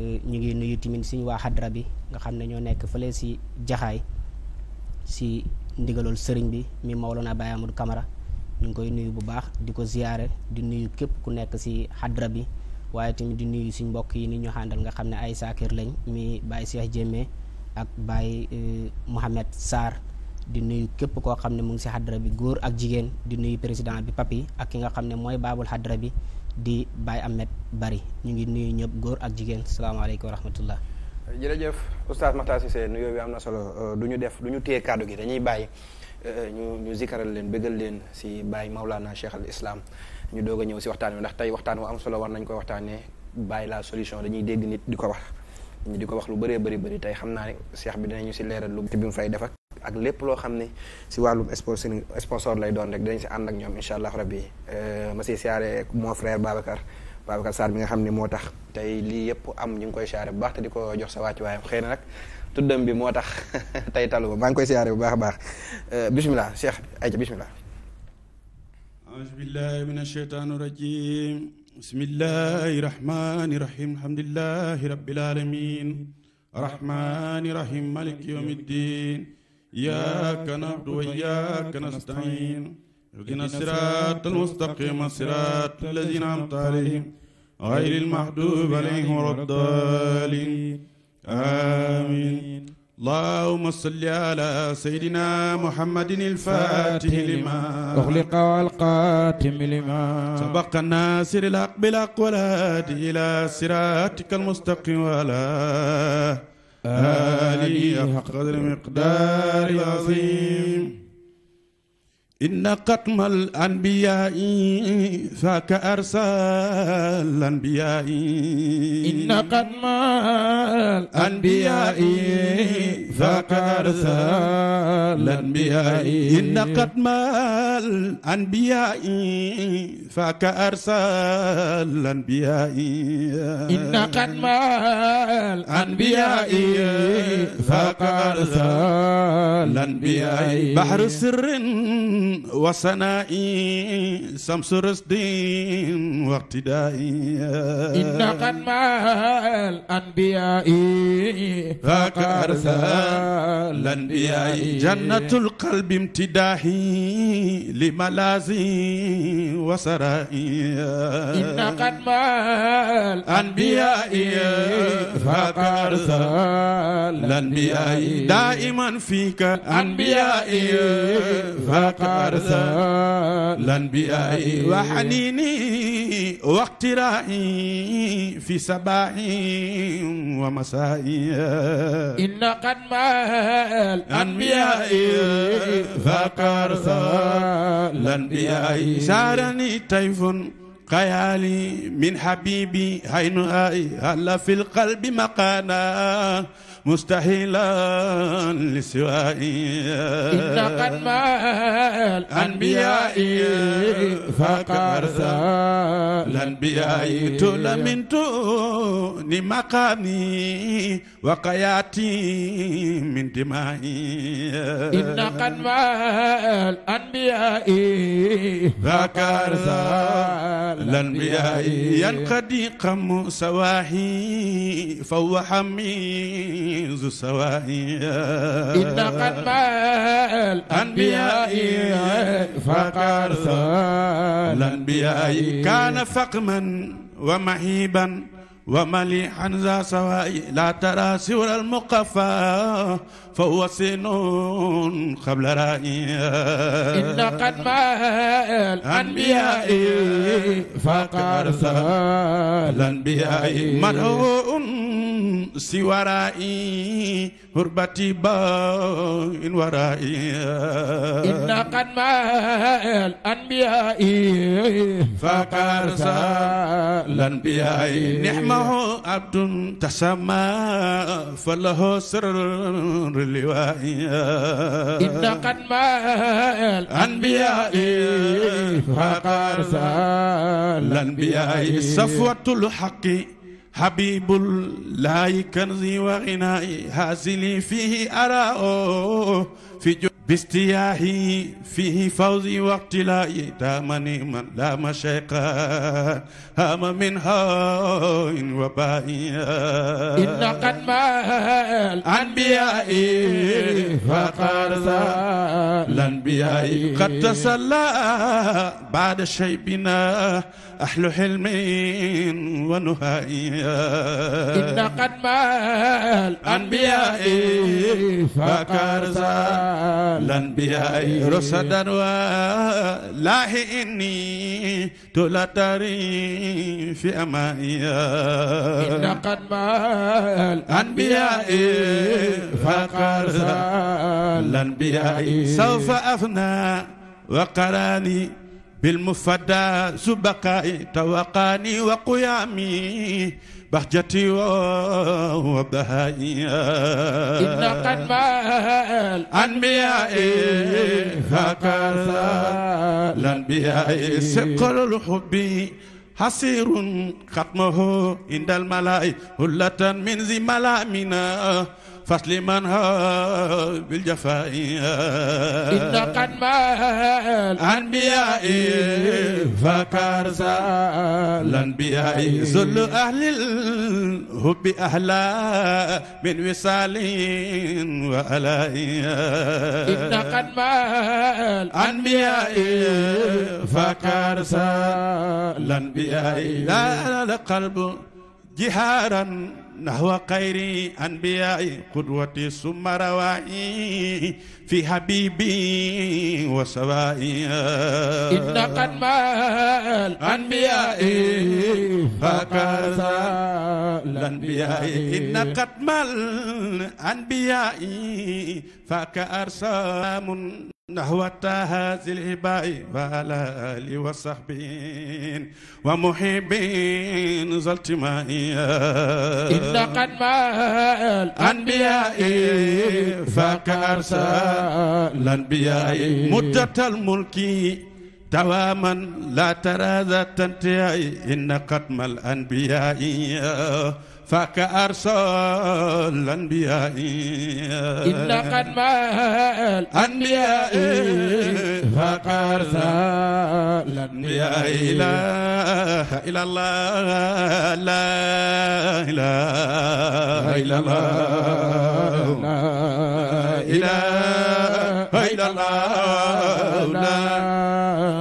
ñu ngi nuyu tamit suñu waa xadra bi nga xam ne ñoo nekk fële si jaxaay si ndigalool sëriñ bi mi naa Baye Amadou Camara ñu ngi koy nuyu bu baax di ko ziyaare di nuyu képp ku nekk si xadra bi waaye tamit di nuyu suñ mbokk yi ni ñu xàndal nga xam ne ay saakir lañ mi Baye Cheikh jéeme ak Baye eh, Mohamed Sarr di nuyu képp koo xam ne mu ngi si xadra bi góor ak jigéen di nuyu président bi papi ak ki nga xam ne mooy baabul xadra bi di Baye Ahmed Bari ñu ngi nuyu ñëpp góor ak jigéen salaamaaleykum wa rahmatullah jërëjëf oustaz Makhtar Cissé nuyoo bi am na solo euh, du ñu def du ñu téye kàddu gi dañuy bàyyi euh, ñu ñu zikaral leen bëggal leen si Baye Maulana Cheikh al Islam ñu doog a ñëw si waxtaan wi ndax tey waxtaan wu am solo war nañ koy waxtaanee bàyyi la solution dañuy dégg nit di ko wax ñu di ko wax lu bëree bëri bëri tey xam naa ne Cheikh bi dañu si leeral lu. ci bi mu fay def ak lépp loo xam ne si wàllum sponsor lay doon rek dinañ si àndak ak ñoom incha allah rabbi euh, ma siy siyaare mon frère Babacar Babacar bi nga xam ni moo tax tey lii yëpp am ñu ngi koy siyaare bu baax te di ko jox sa wàcc waayam xëy na nag tuddam bi moo tax tey talu ba maa ngi koy siyaare bu baax a baax euh, bisimilah Cheikh ayca bisimilah. auzu billahi mina shaytaani rajim bismillahi rahmaani rahim alhamdulillahi rabbil alamin rahmaani rahim maliki yawmiddin إياك نعبد وإياك نستعين اهدنا الصراط المستقيم صراط الذين أنعمت عليهم غير المحدود عليهم ولا الضالين آمين اللهم صل على سيدنا محمد الفاتح لما أغلق والقاتم لما سبق الناصر الحق بالأقوال إلى صراطك المستقيم ولا آله حق قدر مقدار العظيم inna xatmal anbiyaa'i faaka arsal anbiyaa'i inna xatmal anbiyaa'i faaka arsal anbiyaa'i inna xatmal anbiyaa'i faaka arsal anbiyaa'i inna xatmal anbiyaa'i faaka arsal anbiyaa'i bahru sirrin وسنائي سمس رصدي واقتدائي إن قد مع الأنبياء هاك أرسل الأنبياء جنة القلب امتداحي لملازي وسرائي إن قد مع الأنبياء هاك أرسل الأنبياء دائما فيك أنبيائي هاك وارثا الأنبياء وحنيني واقترائي في سباعي ومسائي إن قد ما الأنبياء فقارثا الأنبياء سارني طيف خيالي من حبيبي هين هلا في القلب مقانا مستحيلا لسوائي إن قد ما الأنبياء فقرث الأنبياء تلمنت لمقامي وقياتي من دمائي إن قد ما الأنبياء فقرث الأنبياء ينقضي قم سواحي فهو حميد ذو السوائي إن قد الأنبياء فقر الأنبياء كان فقما ومهيبا ومليحا ذا سوائي لا ترى سور المقفى فهو سنون قبل رأيه إن قد ما الأنبياء فقرس الأنبياء مرء سوى رأي هربتي باين ورائي إن قد ما الأنبياء فقرس الأنبياء نعمه عبد تسمى فله سر لوائي إن قد ما الأنبياء فقر الأنبياء صفوة الحق حبيب الله كنزي وغنائي هازلي فيه أراه في جو باستياحي فيه فوزي واقتلائي دامني من دام شيقا هام من هاء وبائي إن قد ما الأنبياء فقال الأنبياء قد تسلى بعد شيبنا أحل حلمي ونهائي إن قد مال أنبياء فكرزا الأنبياء رصدا والله إني تلتري في أمائي إن قد مال أنبياء فكرزا الأنبياء سوف أفنى وقراني بالمفدى سبقاء توقاني وقيامي بهجتي وبهائي إن قد مال أنبياء هكذا الأنبياء سقر الحب حصير ختمه عند الملائكة هلة من ذي ملامنا فصل من بالجفاء إن قد ما الأنبياء فكارزا الأنبياء زل أهل الحب أهلا من وصال وألاء إن قد ما الأنبياء فكارزا الأنبياء لا قلب جهارا نحو خير أنبياء قدوتي ثم روائي في حبيبي وسوائي إن قد مال أنبياء هكذا الأنبياء إن قد مال أنبياء فكأرسام نحو التهاز الهباء وعلى آله وصحبه ومحبين زلت مائي إن قد ما الأنبياء فكأرسل الأنبياء مدة الملك دواما لا ترى ذات انتهاء إن قدم الأنبياء فكأرسل الأنبياء إن قد مال الأنبياء فكأرسل الأنبياء لا إله إلا الله لا إله إلا الله لا إله إلا الله لا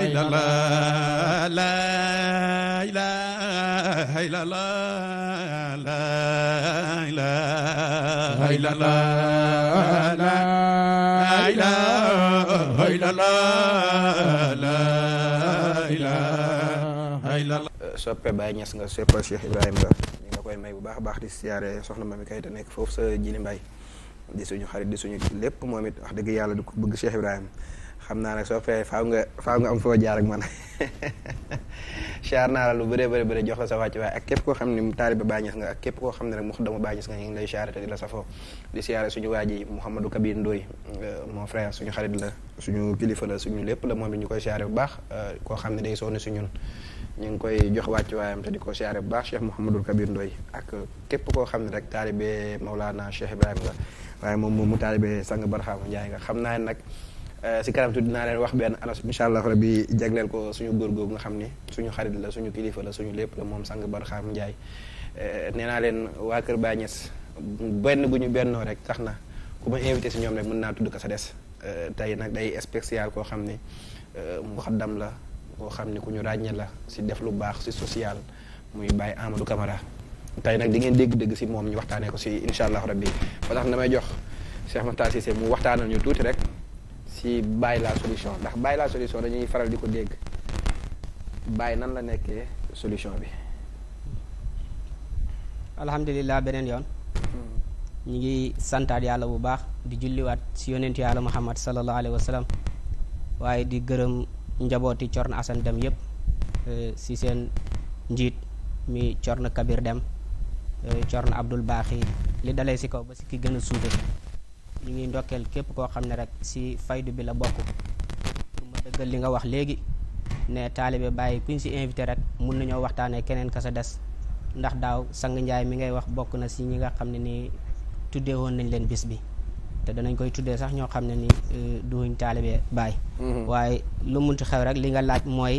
illallah la ilaha illallah la ilaha illallah la ilaha illallah la ilaha illallah soppe Baye nga koy may bu baax baax di siyaare soxna Mami Kayta nekk foofu sa Jili Mbaye di suñu xarit di suñu lépp moom it wax dëgg yàlla du ko bëgg Cheikh Ibrahima xam naa nag soo fee faaw nga faaw nga am foo jaar ak man siyaar naa lu bëree bëri bëri jox la ak képp koo xam ne mu taaliba Baay Ñas nga ak képp koo xam ne rek mu dama Baay Ñas nga ñu ngi lay siyaare te di la waa ji Mouhamadou Kabir Ndoye euh, mon frère suñu xarit la suñu kilifa la suñu lépp la moom it ñu koy siyaare bu baax euh, koo xam ne day sonn si ñun ñu ngi koy jox wàcc waayam te di ko siyaare bu baax Cheikh Mouhamadou Kabir Ndoye ak képp koo xam ne rek taalibe Maulana Cheikh Ibrahima nga waaye moom moom mu taalibe sang Barxaama Njaay nga xam naa nag Euh, si kanam tuuti dinaa leen wax benn anas incha allah rabi jagleel ko suñu góor googu nga xam ni suñu xarit la suñu kilifa la suñu lépp la moom sang barxaam Njaay euh, nee naa leen waa Kër Baay benn gu ñu bennoo rek tax na ku ma invité si ñoom rek mën naa tudd ko sa des euh, tey nag day spécial koo xam ni mu xaddam la koo xam ni ku ñu ràññee la si def lu baax si social muy Baye Amadou kamara tey nag di ngeen dégg-dégg si moom ñu waxtaanee ko si incha allah rabi ba tax na damay jox tuuti rek. ci bàyyi la solution ndax bàyyi la solution dañuy faral di ko dégg bàyyi nan la nekkee solution bi. alhamdulilah beneen yoon. Hmm. ñu ngi santaat yàlla bu baax di julliwaat si yonentu yàlla muhammad sallallahu alayhi wa waaye di gërëm njabooti Corna Assane dem yëpp eh, si seen njiit mi Corna Kabir dem eh, Corna Abdul Baaxi li dalee si kaw ba si ki gën suufe ñu ngi ndokkeel képp koo xam ne rek si faydu bi la bokk pour ma dëggal li nga wax léegi ne taalibe bàyyi kuñ si invité rek mun nañoo waxtaanee keneen ka sa des ndax daaw sang njaay mi ngay wax bokk na si ñi nga xam ne nii tuddee woon nañ leen bis bi te danañ koy tuddee sax ñoo xam ne ni euh, duñ taalibe bàyyi mm-hmm. waaye lu munti xew rek li nga laaj mooy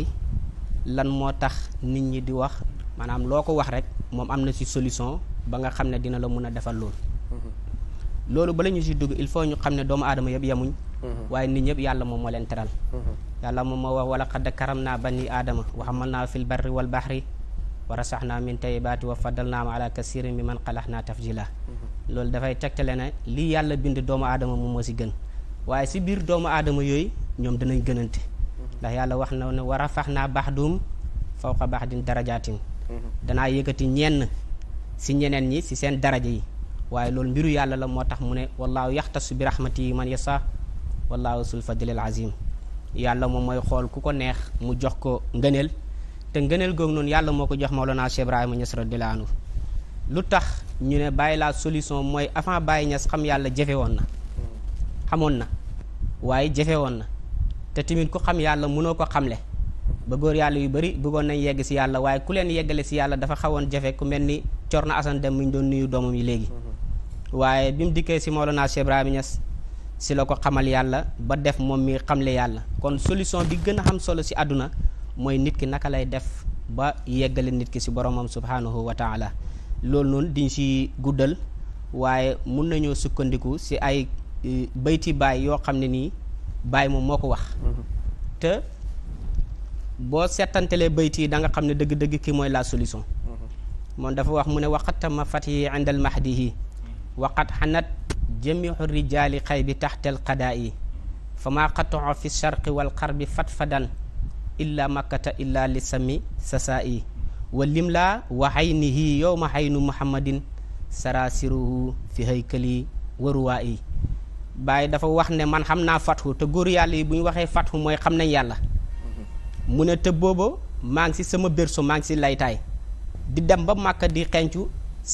lan moo tax nit ñi di wax maanaam loo ko wax rek moom am na si solution ba nga xam ne dina la mun a defal lool. Mm-hmm. loolu bala ñu si dugg il faut ñu xam ne doomu aadama yëpp yemuñ mhm. waaye nit ñëpp yàlla moom moo leen teral mhm. yàlla moom moo wax wala xad karam naa bani aadama wa xamal naa fil barri wal baxri wa rasax naa min tayibaati wa faddal naa ala kasirin mi man xalax naa tafjila mhm. loolu dafay tegtale ne lii yàlla bind doomu aadama moom moo si gën waaye si biir doomu aadama yooyu ñoom danañ gënante ndax yàlla wax na ne war a fax naa baax duum fawqa baax din darajaatin danaa yëkkati ñenn si ñeneen ñi si seen daraja yi waaye loolu mbiru yàlla la moo tax mu ne wallaahu yaxtasu bi rahmati man yasa wallaahu sul fadlil azim yàlla moom mooy xool ku ko neex mu jox ko ngëneel te ngëneel goog noonu yàlla moo ko jox Mawlana Cheikh Ibrahima Niass radiyallahu anhu lu tax ñu ne bàyyi laa solution mooy avant bàyyi ñas xam yàlla jafe woon na xamoon na waaye jafe woon na te tamit ku xam yàlla mënoo ko xamle ba góor yàlla yu bari bëggoon nañ yegg ci yàlla waaye ku leen yeggale ci yàlla dafa xawoon jafe ku mel ni Corna Assane Dem mi ñu doon nuyu doomam yi léegi waaye bi mu dikkee si Mawlana Cheikh Ibrahima Niass si la ko xamal yàlla ba def moom mi xamle yàlla kon solution bi gën a xam solo si àdduna mooy nit ki naka lay def ba yeggale nit ki si boromam subhaanahu wa taala loolu noonu diñ ci guddal waaye mun nañoo sukkandiku si ay e, bayti baay yoo xam ne nii baay moom moo ko wax mm-hmm. te boo seetantelee bayt yi danga xam ne dëgg-dëgg kii mooy la solution mm-hmm. moom dafa wax mu ne waxatama fat yi indal mahdihi waqad xanat jamiu rijaali xay bi taxtel qadaa yi fa maa qatoo fi wal xarbi fatfadan illa makkata illa li sami sasaa yi wa lim laa wa xaynihi yowma xaynu muhammadin sarasiruhu fi haykali waruwaa yi dafa wax ne man xam naa fatxu te góor yàlla yi bu ñu waxee fatxu mooy xam nañ yàlla mu ne te booba maa si sama berso maa ngi si laytaay di dem ba màkka di xencu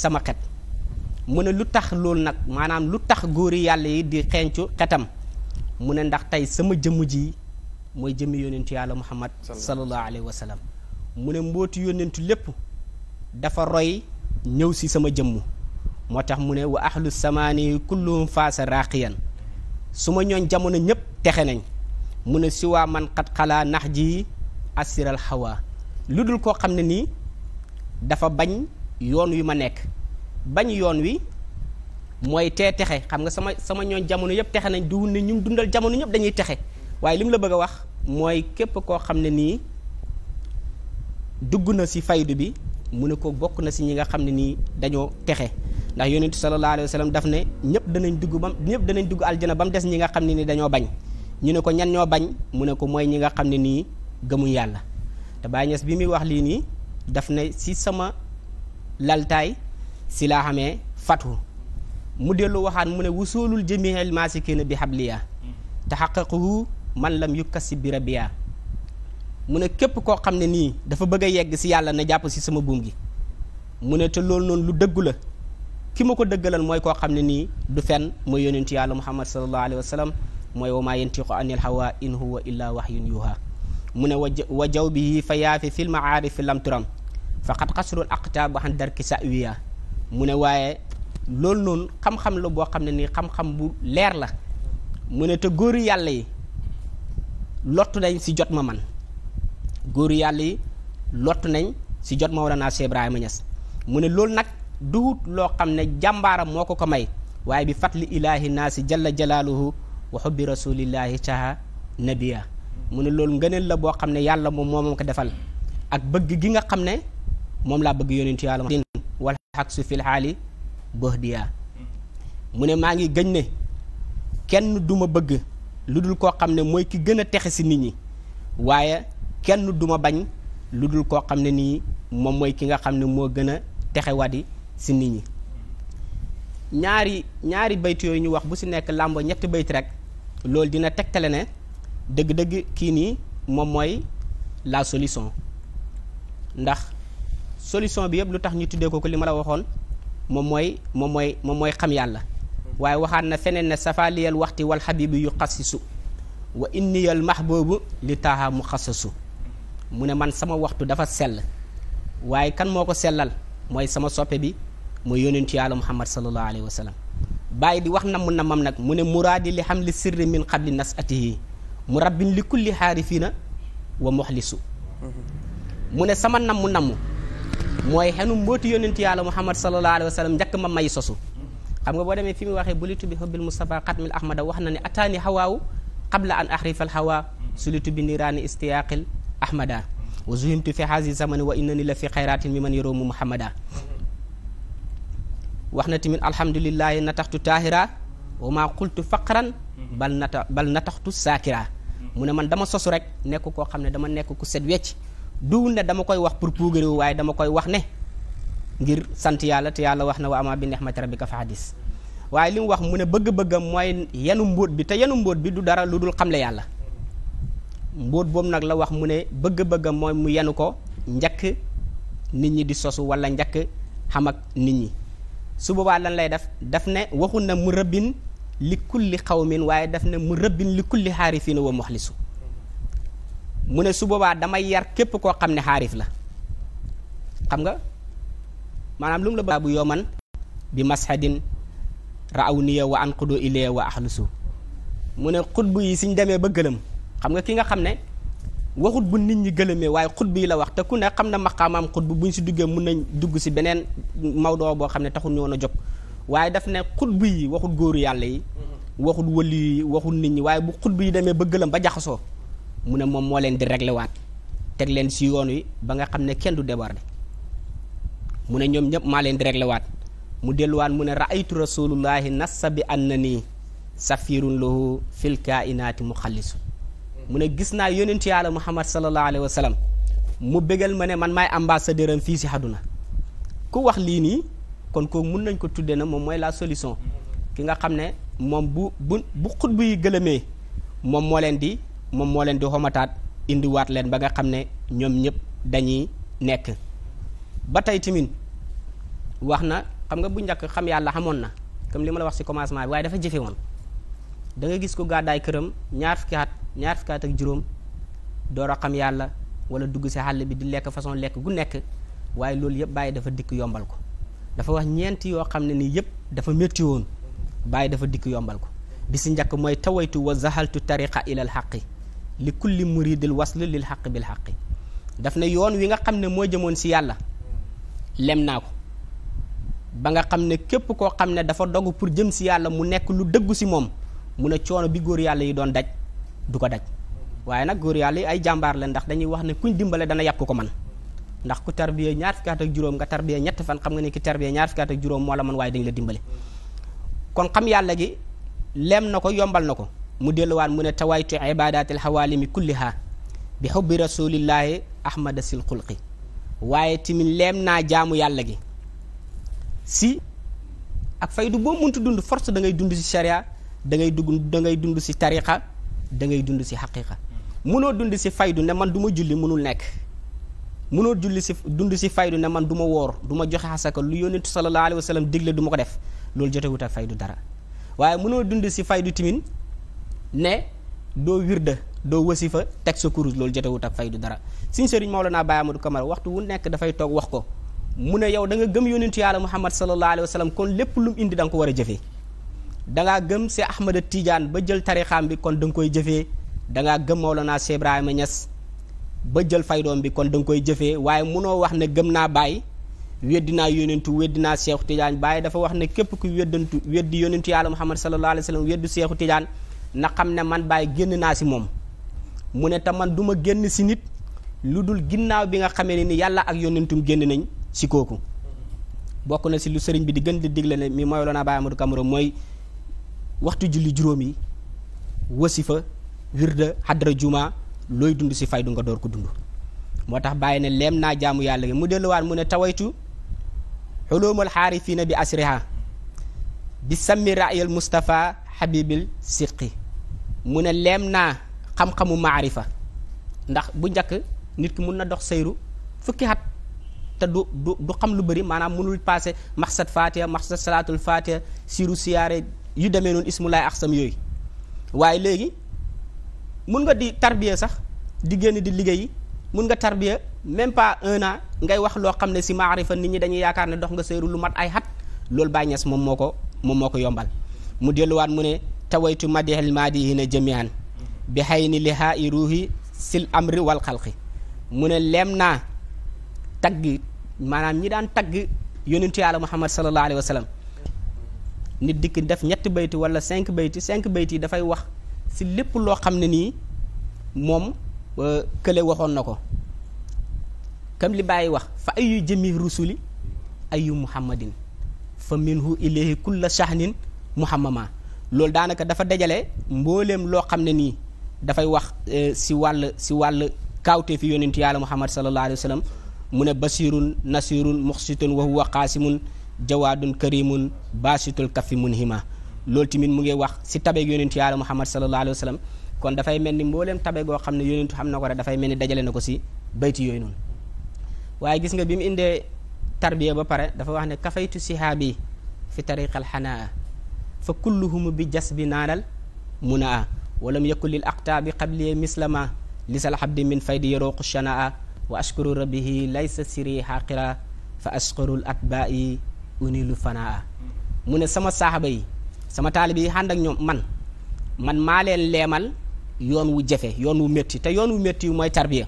sama xet mu ne lu tax loolu nag maanaam lu tax góori yàlla yi di xencu xetam mu ne ndax tey sama jëmm ji mooy jëmmi yonentu yàlla muhammad sallallahu alayhi wa sallam mu ne mbooti yonentu lépp dafa roy ñëw si sama jëmm moo tax mu ne wa ahlu samaani kulluhum faasa raaqiyan su ma ñooñ jamono ñépp texe nañ mu ne si waa xat xalaa nax ji asiral xawaa lu dul koo xam ne nii dafa bañ yoon wi ma nekk bañ yoon wi mooy tee texe xam nga sama sama ñooñ jamono yëpp texe nañ duwul ne ñun dundal jamono ñëpp dañuy texe waaye li mu la bëgg a wax mooy képp koo xam ne nii dugg na si faydu bi mu ne ko bokk na si ñi nga xam ne nii dañoo texe ndax yonentu sallallahu alayhi wa sallam daf ne ñëpp danañ dugg bam ñëpp danañ dugg aljana ba mu des ñi nga xam ne nii dañoo bañ ñu ne ko ñan ñoo bañ mu ne ko mooy ñi nga xam ne nii gëmuñ yàlla te Baay bi muy wax lii nii daf ne ci sama laltaay si laa xamee fatu mu dellu waxaat mu ne wusulul jamihil masikina bi habliya taxaqaquhu man lam yukkasi bi rabiya mu ne képp koo xam ne nii dafa bëgg a yegg si yàlla na jàpp si sama buum gi mu ne te loolu noonu lu dëggu la ki ma ko dëggalal mooy koo xam ne nii du fen mooy yonentu yàlla muhammad sallallahu alayhi wa mooy wa maa yantiqu anil hawa in huwa illa wahyun yuha mu ne wa jaw bihi fa yaafi fil maarifi lam turam faqad xasrul aqtaabu an mu ne waaye loolu noonu xam-xam la boo xam ne nii xam-xam bu leer la mu ne te góoru yàlla yi lottu nañ si jot ma man góoru yàlla yi lottu nañ si jot ma naa Cheikh Ibrahima Niass mu ne loolu nag duhut loo xam ne jàmbaaram moo ko ko may waaye bi fatli ilaahi si jalla jalaaluhu wa xubbi rasulillahi caha nabiya mu ne loolu ngëneel la boo xam ne yàlla moom moo moom ko defal ak bëgg gi nga xam ne moom laa bëgg yonentu yàlla wal xaq su fil xaali bohdiya mu ne maa ngi gëñ ne kenn duma bëgg lu dul koo xam ne mooy ki gën a texe si nit ñi waaye kenn duma bañ lu dul koo xam ne nii moom mooy ki nga xam ne moo gën a texe wadi si nit ñi ñaari ñaari bayt yooyu ñu wax bu si nekk làmbo ñetti bayt rek loolu dina tegtale ne dëgg-dëgg kii nii moom mooy la solution ndax solution bi yëpp lu tax ñu tuddee ko ko li ma la waxoon moom mooy moom mooy moom mooy xam yàlla waaye waxaat na feneen ne safaaliyal waxti wal xabibu yu xasisu wa max boobu li taaha mu xasasu mu ne man sama waxtu dafa sell waaye kan moo ko sellal mooy sama soppe bi mooy yónentu yàlla muhammad sallallahu alayhi wa sallam bàyyi di wax namm na mam nag mu ne muraadi li xam li sirri min xabli nas atihi mu rabbin li kulli xaarifiina wa moxlisu mm-hmm. mu ne sama namm namm mooy xenu mbootu yónentu yàlla muhammad sallallahu alayhi wa sallam njëkk ma may sosu xam nga boo demee fi mu waxee bulitu bi hubbil mustafa xatmil ahmada wax na ne ataani hawaawu qabla an ahrifal hawa sulitu bi niraani istiyaqil ahmada wa zuhimtu fi hazi zamani wa innani la fi xayratin mi man yoroomu muhammada wax na tamit alhamdulillahi nataxtu taahira wa maa qultu faqran bal nata nataxtu saakira mu ne man dama sosu rek nekk koo xam ne dama nekk ku set wecc duwul ne dama koy wax pour puugarewu waaye dama koy wax ne ngir sant yàlla te yàlla wax na wa ama bi nihmati rabbika fa hadis waaye li mu wax mu ne bëgg-bëggam mooy yenu mbóot bi te yenu mbóot bi du dara lu dul xamle yàlla mbóot boobu nag la wax mu ne bëgg-bëggam mooy mu yenu ko njëkk nit ñi di sosu walla njëkk xam ak nit ñi su boobaa lan lay def daf ne waxu na mu rëbbin li kulli xawmin waaye daf ne mu rëbbin li kulli wax li su mu ne su boobaa damay yar képp koo xam ne xaarif la xam nga maanaam lu mu la ba bu bi mashadin raaw niya wa an xudu ilaya wa axlusu mu ne xutb yi suñ demee ba gëlëm xam nga ki nga xam ne waxut bu nit ñi gëlëmee waaye xutb yi la wax te ku ne xam na maqaamaam xutb buñ si duggee mun nañ dugg si beneen mawdoo boo xam ne taxul ñoo na jóg waaye daf ne xutb yi waxut góoru yàlla yi mm-hmm. waxut wëli yi waxut nit ñi waaye bu xutb yi demee ba gëlëm ba jaxasoo mu ne moom moo leen di réglé waat teg leen si yoon wi ba nga xam ne kenn du débordé mu ne ñoom ñëpp maa leen di réglé waat mu delluwaat mu ne raaytu rasulullahi nassa bi an na nii safirun lahu fil kainaati mu xallisu mu ne gis naa yonentu yàlla muhammad salallahu alayhi wa mu bégal ma ne man maay ambassadeur am fii si àdduna ku wax lii nii kon kooku mun nañ ko tuddee na moom mooy laa solution ki nga xam ne moom bu bu bu xutbu yi gëlëmee moom moo leen di moom moo leen di xomataat indiwaat leen ba nga xam ne ñoom ñëpp dañuy nekk ba tey tamit wax na xam nga bu njëkk xam yàlla xamoon na comme li ma la wax ci commencement bi waaye dafa jëfe woon da nga gis ko gàddaay këram ñaar fukki at ñaar fukki ak juróom door a xam yàlla wala dugg si xàll bi di lekk façon lekk gu nekk waaye loolu yëpp bàyyi dafa dikk yombal ko dafa wax ñeenti yoo xam ne nii yëpp dafa métti woon bàyyi dafa dikk yombal ko bi si njëkk mooy tawaytu wa zahaltu tariqa ilal li kulli muridil wasl lil xaq bil xaqi daf ne yoon wi nga xam ne moo jëmoon si yàlla lem naa ko ba nga xam ne képp koo xam ne dafa dog pour jëm si yàlla mu nekk lu dëggu si moom mu ne coono bi góor yàlla yi doon daj du ko daj waaye nag góor yàlla yi ay jàmbaar la ndax dañuy wax ne kuñ dimbale dana yàpp ko man ndax ku tarbiye ñaar fukki at ak juróom nga tarbiye ñett fan xam nga ne ki tarbiye ñaar fukki at ak juróom moo la man waaye dañ la dimbale yàlla gi lem na ko yombal na ko mu delluwaat mu ne tawaytu ibadatil xawaalimi kulliha bi xubbi rasulillahi ahmada sil xulqi waaye timin leem naa jaamu yàlla gi si ak faydu boo muntu dund force da ngay dund si sharia dangay ngay dugg da ngay dund si tariqa da ngay dund si xaqiqa mënoo dund si faydu ne man duma julli mënul nekk mënoo julli si dund si faydu ne man du ma woor du ma joxe xasaka lu yónentu sallallahu alayhi wa sallam digle du ma ko def loolu jotewut ak faydu dara ne doo wirda doo wasifa teg sa kurus loolu jotewut ak fay du dara suñ sëriñ Mawlana Baye Amadou Camara waxtu wu nekk dafay toog wax ko mu ne yow danga nga gëm yonentu yàlla Muhammad sallallahu alayhi wa sallam kon lépp lu indi da ko war a jëfee da ngaa gëm si Ahmada Tidiane ba jël tarixaam bi kon da nga koy jëfee da ngaa gëm Mawlana Cheikh Ibrahima Niass ba jël faydoom bi kon da nga koy jëfe waaye noo wax ne gëm naa Baye weddi naa yonentu weddi naa Cheikh Tidiane Baye dafa wax ne képp ku weddantu weddi yonentu yàlla Muhammad sallallahu alayhi wa sallam weddu Cheikh Tidiane na xam ne man bàyyi génn naa si moom mu ne tam man duma ma génn si nit lu dul ginnaaw bi nga xamee ne ni yàlla ak yonentum génn nañ si kooku bokk na si lu sëriñ bi di gën di digle ne mi mooy loona Baye Amadou Camara mooy waxtu julli juróom yi wasifa wirda xadra juma looy dund si faydu nga door ko dund moo tax bàyyi ne leem naa jaamu yàlla gi mu delluwaat mu ne tawaytu xuloomal xaarifiina bi asriha bi sammi raayal Mustapha Habibil Siqi mu ne leem naa xam-xamu maarifa ndax bu njëkk nit ki mun na dox sayru fukki at te du du xam lu bari maanaam mënul passé maxsat fatiha maxsat salaatul fatiha siru siyaare yu demee noonu ismulaay axsam yooyu waaye léegi mun nga di tarbiya sax di génn di liggéeyi mun nga tarbiya même pas un an ngay wax loo xam ne si maarifa nit ñi dañu yaakaar ne dox nga sayru lu mat ay xat loolu bàyyi ñes moom moo ko moom moo ko yombal mu delluwaat mu ne tawaytu madihal maadihina jamian bi xay ni lihaa i ruuhi sil amri wal mu ne leem naa tagg maanaam ñi daan tagg yonentu yàlla muhammad sallallahu alayhi wa nit dikk def ñetti bayti wala cinq bayti cinq bayti yi dafay wax si lépp loo xam ne nii moom euh, kële waxoon na ko comme li bàyyi wax fa ayyu jëmi rusuli ayu muhammadin fa minhu ilayhi kulla shahnin muhammama loolu daanaka dafa dajale mbooleem loo xam ne nii dafay wax euh, si wàll si wàll kaawtee fi yonentu yàlla muhammad sallallahu alayhi wa sallam mu ne basirun nasirun muxsitun wa huwa qaasimun jawaadun karimun baasitul kafi munhima loolu tamit mu ngi wax si tabeeg yonentu yàlla muhammad sallallahu alayhi wa sallam kon dafay mel ni mbooleem tabe goo xam ne yonentu xam na ko rek dafay mel ni dajale na ko si bayti yooyu noonu waaye gis nga bi mu indee tarbiya ba pare dafa wax ne kafaytu sihaabi fi tariqal xanaa fa kulluhum bi jas bi naanal munaa walam yakun lil aqtaabi qabli mislama lisal xabdi min faydi yaruqu shanaa wa ashkuru rabbihi laysa siri xaqira fa ashkurul atbaa'i unilu fanaa mu ne sama saxaaba yi sama taalib yi ànd ak ñoom man man maa leen leemal yoon wu jafe yoon wu métti te yoon wu métti mooy tarbiya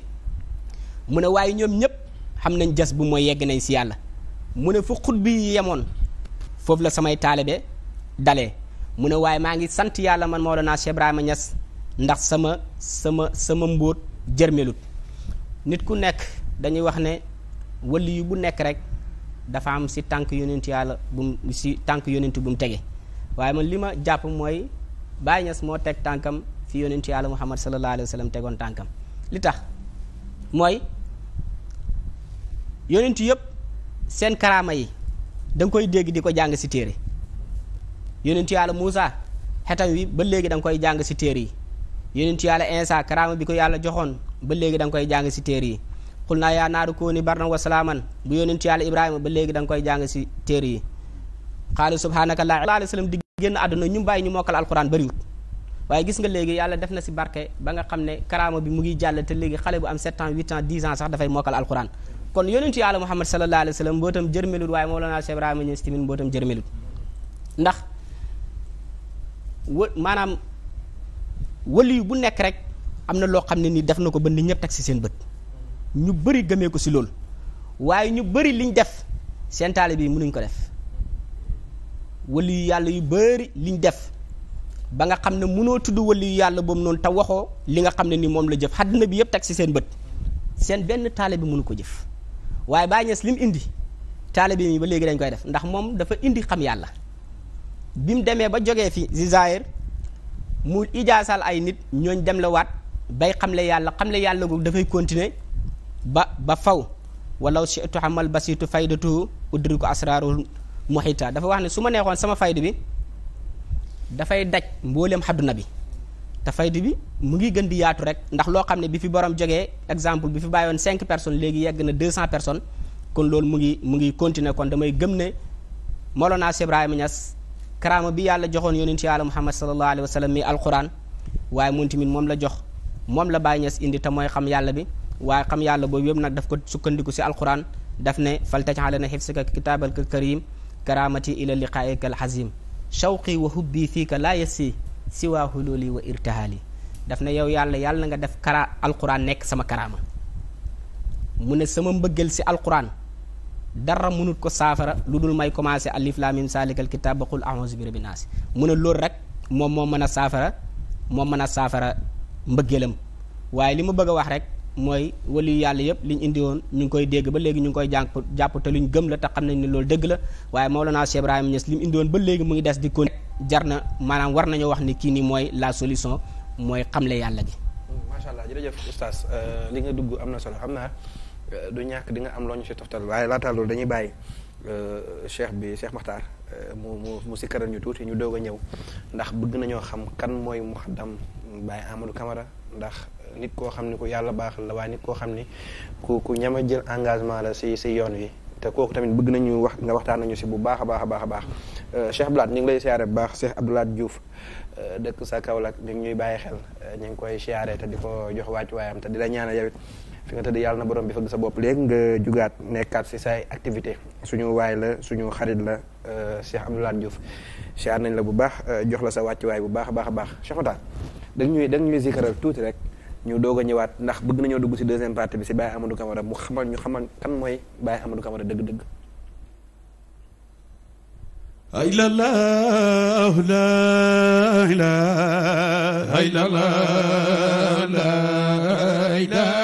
mu ne waaye ñoom ñëpp xam nañ jas bu mooy yegg nañ si yàlla mu ne fu xut bi yemoon foofu la samay taalibe dale mu ne waaye maa ngi sant yàlla man moo Mawlana Cheikh Ibrahima Niass ndax sama sama sama mbóot jërmelut nit ku nekk dañuy wax ne wali yu bu nekk rek dafa am si tànk yonent yàlla bu si tànk yonent bu mu tege waaye man li ma jàpp mooy Baye Niass moo teg tànkam fi yonent yàlla Muhammad sallallahu alayhi wa sallam tegoon tànkam li tax mooy yonent yëpp seen karaama yi da koy dégg di ko jàng si téere yonent yàlla Moussa xetam wi ba léegi da nga koy jàng si téer yi yonent yàlla Insa karaama bi ko yàlla joxoon ba léegi da koy jàng si téere yi xul naa yaa naaru kooni barna wa salaaman bu yonent yàlla Ibrahima ba léegi danga koy jàng si téer yi xaalis subhaanaka laa alayhi salaam di génn àdduna ñu bàyyi ñu mokkal alquran bariwut waaye gis nga léegi yàlla def na si barke ba nga xam ne karaama bi mu ngi jàll te léegi xale bu am 7 ans 8 ans 10 ans sax dafay mokkal alquran kon yonentu yàlla Muhammad sallallahu alayhi wa sallam mbootam jërmelut waaye Mawlana Cheikh wa maanaam waliyu bu nekk rek am na loo xam ne nii def na ko ba nit ñëpp teg si seen bët ñu bari gëmee ko si loolu waaye ñu bari liñ def seen taalibe yi mënuñ ko def waliyu yàlla yu bari liñ def ba nga xam ne mënoo tudd waliyu yàlla boobu noonu te waxoo li nga xam ne nii moom la jëf àddina bi yëpp teg si seen bët seen benn taalibe mënu ko jëf waaye baa Ñas li mu indi taalibe yi ba léegi dañ koy def ndax moom dafa indi xam yàlla bi mu demee ba jógee fi Zizayir mu ijaasal ay nit ñooñ dem la waat bay xamle yàlla xamle yàlla googu dafay continuer ba ba faw walaw situ xamal basitu faydatu uddiri ko asraarul muhita dafa wax ne su ma neexoon sama faydu bi dafay daj mboolem xadduna bi te faydu bi mu ngi gën di yaatu rek ndax loo xam ne bi fi borom jógee exemple bi fi bàyyoon cinq personnes léegi yegg na deux cent personnes kon loolu mu ngi mu ngi continuer kon damay gëm ne molo Cheikh Ibrahima Niass karaama bi yàlla joxoon yonent yàlla muhammad sallallahu alayhi wa sallam mi alquran waaye moom tamit moom la jox moom la bàyyi Ñas indi te mooy xam yàlla bi waaye xam yàlla boobu yëpp nag daf ko sukkandiku si alquran daf ne fal taj'alana hifsika kitaabaka karim karaamati ila liqaaika alxazim shawqi wa hubbi fiika laa yasi siwa hululi wa irtihaali daf ne yow yàlla yàlla na nga def kara alquran nekk sama karaama mu ne sama mbëggal si alquran dara mënut ko saafara lu dul may commencé alif laam miim saalikal kitaab ba qul a'uuzu bi rabbi naas mu ne loolu rek moom moo mën a saafara moo mën a saafara mbëggeelam waaye li ma bëgg a wax rek mooy waliyu yàlla yëpp liñ indi woon ñu ngi koy dégg ba léegi ñu ngi koy jànp jàpp te luñ gëm la te xam nañ ne loolu dëgg la waaye Mawlana Cheikh Ibrahima Niass li mu indi woon ba léegi mu ngi des di ko jar na maanaam war nañoo wax ni kii nii mooy la solution mooy xamle yàlla gi. macha allah jërëjëf oustaz euh, li nga dugg am naa du ñàkk di nga am loo ñu si toftal waaye laata loolu dañuy bàyyi euh, cheikh bi cheikh Makhtar euh, mu mu mu si këral ñu tuuti ñu doog a ñëw ndax bëgg nañoo xam kan mooy muxaddam Baye Amadou Camara ndax nit koo xam ne ku yàlla baaxal la waaye nit koo xam ni ku ku ñama jël engagement la si si yoon wi te kooku tamit bëgg nañu wax nga waxtaan nañu si bu baax a baax a baax a baax euh, Cheikh Abdoulaye ñu ngi lay siyaare bu baax Cheikh Abdoulaye juuf dëkk sa Kaolack ñu ngi ñuy bàyyi xel ñu ngi koy siyaare te di ko jox wàccuwaayam te di la ñaanal yow fi nga tëdd yàlla na borom bi fëgg sa bopp léegi nga jugaat nekkaat si say activité suñu waay la suñu xarit la euh, Cheikh Abdoulaye Diouf siyaar nañ la bu baax euh, jox la sa wàccuwaay bu baax a baax a baax Cheikh Otar da ñuy da ñuy zikaral tuuti rek ñu doog a ñëwaat ndax bëgg nañoo dugg si deuxième partie bi si Baye Amadou Camara mu xamal ñu xamal kan mooy Baye Amadou Camara dëgg-dëgg. ay la la la ay la la la.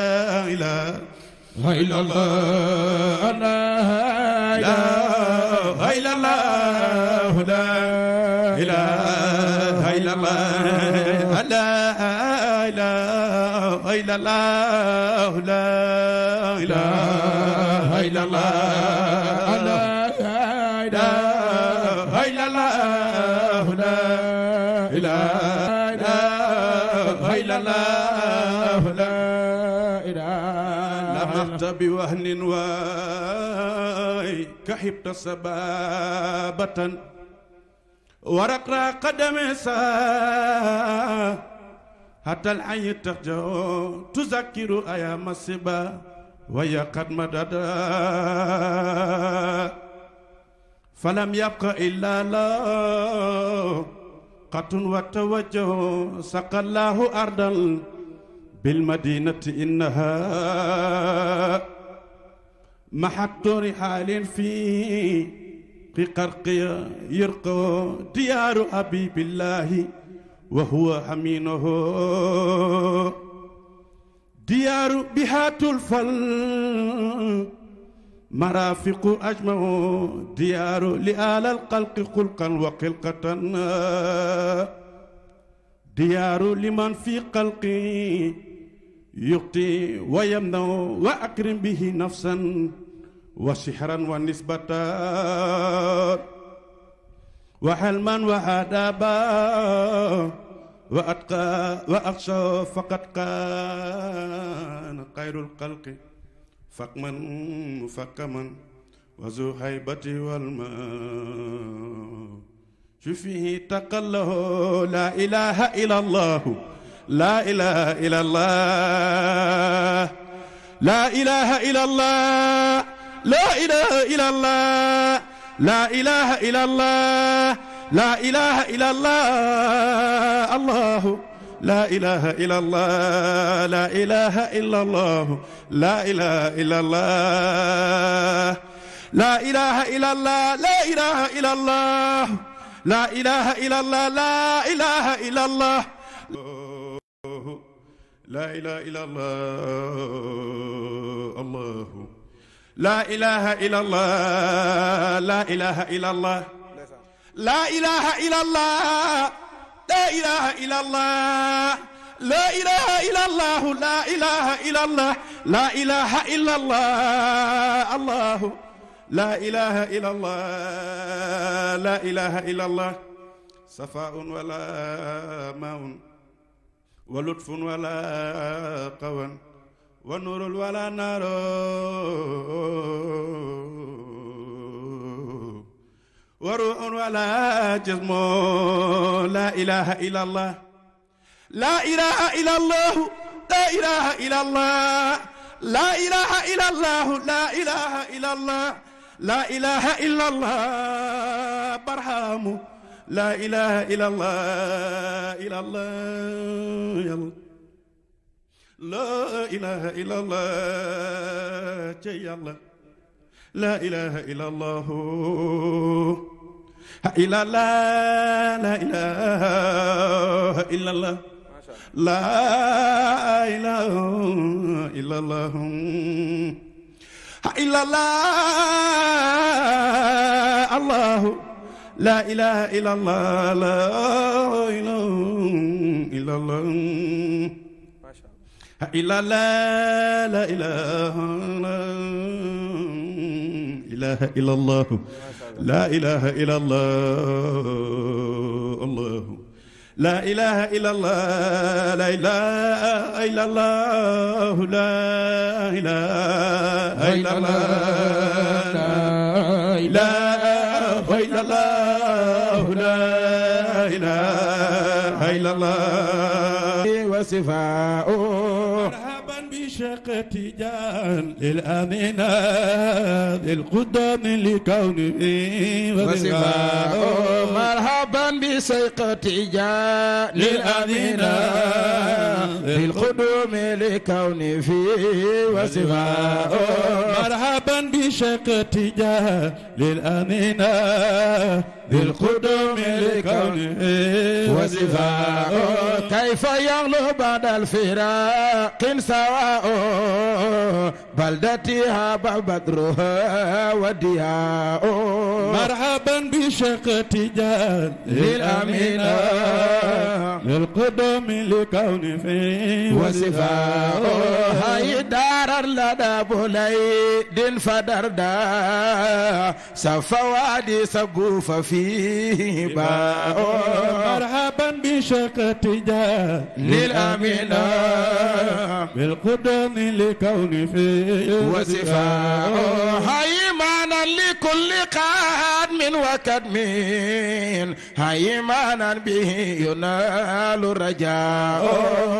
إلا الله أنا لا إلا الله لا إله إلا الله لا إله إلا الله لا إله إلا الله منك حبت سبابة ورقرا قدم سا حتى العي تخجو تذكر أيام السبا ويا قد مددا فلم يبق إلا لا قط وتوجه سقى الله أرضا بالمدينة إنها محت رحال في قرقيا يرقى ديار حبيب الله وهو حمينه ديار بهات الفل مرافق أجمع ديار لآل القلق خلقا وقلقة ديار لمن في قلقي يقتي ويمنع وأكرم به نفسا وسحرا ونسبة وحلما وعذابا وأتقى وأخشى فقد كان خير الخلق فقما مفكما وذو هيبة والماء شفيه تقله لا إله إلا الله laa ilaha illallah laa ilaha illallah laa ilaha illallah laa ilaha illallah laa ilaha illallah allahu laa ilaha illallah laa ilaha illallah laa ilaha illallah laa ilaha illallah laa ilaha illallah laa ilaha illallah laa ilaha illallah laa ilaha illa allah allahu laa ilaha illa allah laa ilaha illa allah laa ilaha illa allah laa ilaha illa allah laa ilaha illa allah laa ilaha illa allah laa ilaha illa allah allahu laa ilaha illa allah laa ilaha illa allah safaun wala maun ولطف ولا قوى ونور ولا نار وروح ولا جسم لا إله إلا الله لا إله إلا الله لا إله إلا الله لا إله إلا الله لا إله إلا الله لا إله إلا الله برهامه laa ilaha illallah illallah yàlla laa ilaha illallah ca yàlla laa ilaha illallah ha illallah laa ilaha illallah laa ilaha illallah ha illallah allahu laa ilaha illa allah laa ilaha illa allah إلا لا لا إله لا إله إلا الله لا إله إلا الله الله لا إله إلا الله لا إله إلا الله لا إله إلا الله لا إله إلا الله ilaha illa allah wa sifaa شق تجان للأمينة للقدام لكونه وصفاء مرحبا بسيق تجان للأمينة للقدوم لكون فيه وصفاء مرحبا بشق تجان للأمينة للقدوم لكون وزفاء كيف يغلو بعد الفراق سواء بلدتها بدرها وديها مرحبا بشيخ تجان للأمينة للقدم لكون فيه وصفاء هاي دار لدى بوليد فدردا سفوادي سقوف فيه باء مرحبا بشيخ تجان للأمينة بالقدم لكون فيه وسفاء هيمانا لكل قادم وكدم هيمانا به ينال الرجاء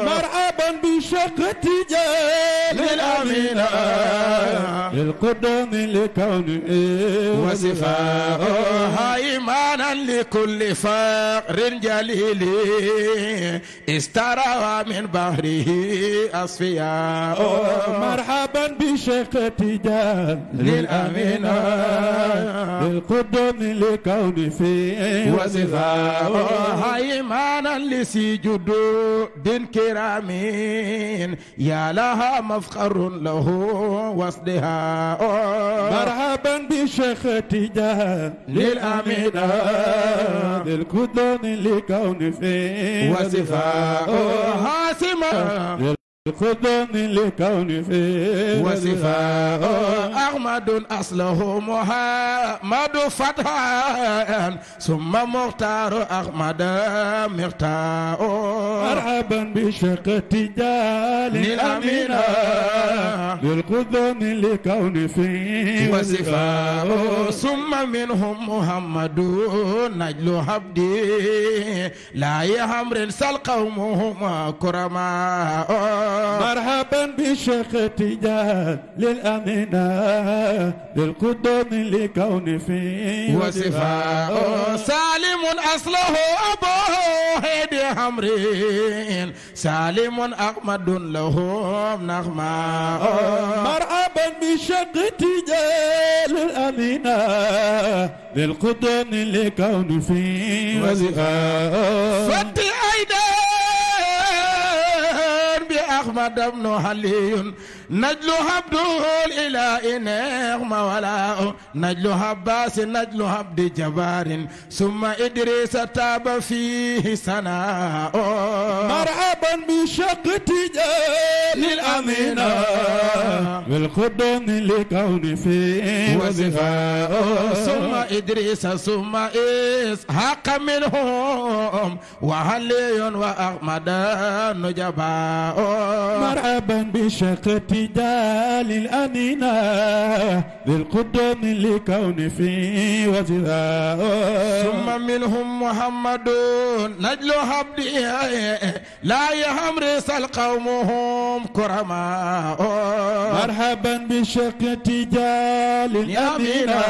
مرحبا بشقة جلال الأمينة للقدوم لكون وسخاء إيمانا لكل فقر جليل استرى من بحره أصفياء مرحبا بشيخ تيجان للأمين للقدوم لكون فيه وسخاء إيمانا لسجد دين كرامين يا لها مفخر له وصدها مرحبا بشيخ تجان للأمينة للكدون لكون فيه وصفاء حاسمة القدم لكون في وصفاء أحمد أصله محمد فتحا ثم مختار أحمد مختار مرحبا بشق تجال الأمين بالقدم لكون في وصفاء ثم منهم محمد نجل عبدي لا يهمر سل قومهما كرماء مرحبا بشيخ تجان للأمينة للقدوم لكون فيه وصفاء سالم أصله أبوه هدي حمرين سالم أحمد لهم نغمة مرحبا بشيخ تجان للأمينة للقدوم لكون فيه وصفاء فتي أيدي أحمد بن علي نجل عبد الإله نعم ولا نجل عباس نجل عبد جبار ثم إدريس تاب فيه سناء مرحبا بشق تجاه الأمينة بالقدم لكون فيه وزفاء ثم إدريس ثم إسحاق منهم وعلي وأحمد نجباء مرحبا بشق تجاه الأمينة للقدام لكون في وزراء ثم منهم محمد نجل حبلها لا يهمرس القوم هم كرماء مرحبا بشق تجال الأمينة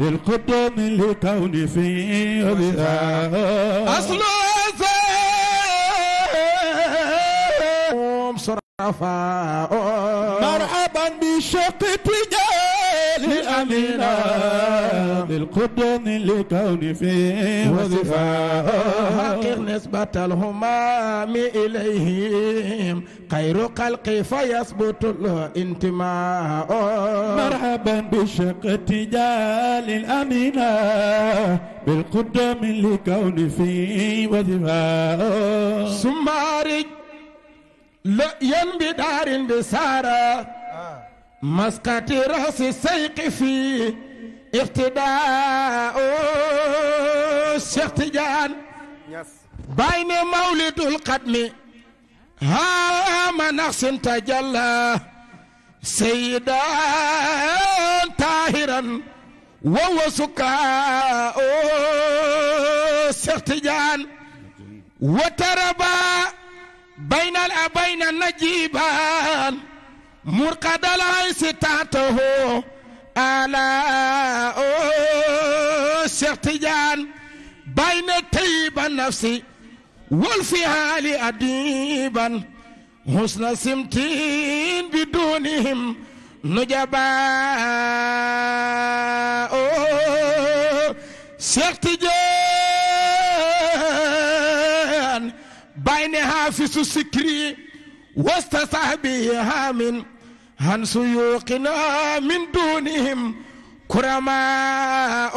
للقدام لكون في وزراء أصل صرفاء مرحبا بشق تجال أمنا بالقدم لكون فيه وظفاء حقق نسبة الهمام إليهم خير خلق فيثبت الانتماء مرحبا بالشق تجال الأمنا بالقدم لكون فيه وظفاء ثم رجلا بدار بسارة مسقط رأس السيق في اقتداء الشيخ تجان بين مولد القدم هام نقص تجلى سيدا طاهرا وهو سكاء الشيخ تجان وتربى بين الأبين النجيبان مرقد العيس تاته على شيخ تجان بين طيب النفس والفعال أديبا حسن سمتين بدونهم نجباء شيخ تجان بين حافظ السكري وسط صحبه هامن عن سيوقنا من دونهم كرماء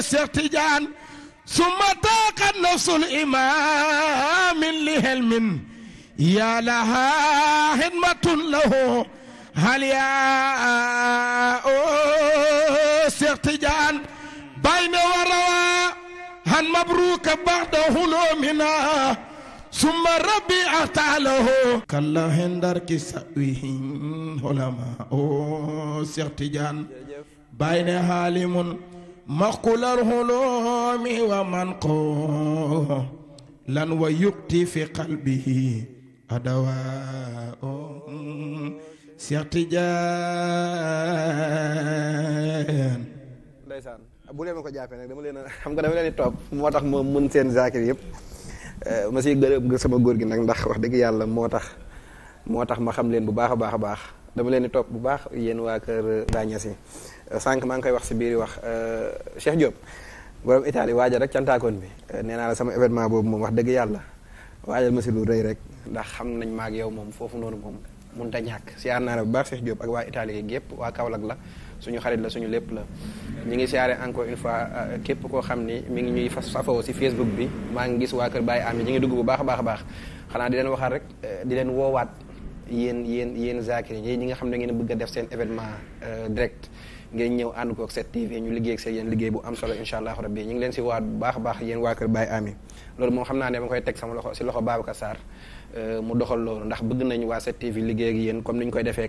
سيرتجان ثم ضاقت نفس الإمام لهلم يا لها خدمة له هل يا سيرتجان بين وروا هل مبروك بعد هلومنا summa rabbi ataalahu kalla hendar ki sawihin holama o Cheikh Tidiane bayne haalimun maqulal hulumi wa man ko lan wa yukti fi qalbihi adawa o Cheikh Tidiane ndeysaan bu leen ma ko jàppee nag dama leen xam nga dama leen di topp moo tax ma mën seen zakir yëpp Eh, ma siy gërëm sama góor gi nag ndax wax dëgg yàlla moo tax moo tax ma xam leen bu baax a baax a baax dama leen di topp bu baax yéen waa kër eh, Bagnès yi eh, sànq maa ngi koy wax si biir wax Cheikh Diop borom Italie waajal rek cantaakoon bi nee naa la sama événement boobu moom wax dëgg yàlla waajal ma si lu rëy rek ndax xam nañ ma yow moom foofu noonu moom mun ta ñàkk si yaar naa la bu baax Cheikh Diop ak waa Italie yi gépp waa Kaolack la suñu xarit la suñu lépp la ñu ngi siyaare encore une fois euh, képp koo xam ni mu ngi ñuy fas safoo si Facebook bi maa ngi gis waa Kër Baye Ami ñu ngi dugg bu baax a baax a baax xanaa di leen waxaat rek euh, di leen woowaat yéen yéen yéen zakir yi ñi nga xam ne ngeen bëgg def seen événement euh, direct ngeen ñëw ànd ko ak 7TV ñu liggéey ak seen yéen liggéey bu am solo incha allah rabbi ñu ngi leen si waat bu baax a baax yéen waa Kër Baye Ami loolu moom xam naa ne ma koy teg sama loxo si loxo Babacar Sarr Euh, mu doxal loolu ndax bëgg nañu waa 7TV liggéey ak yéen comme ni ñu koy defee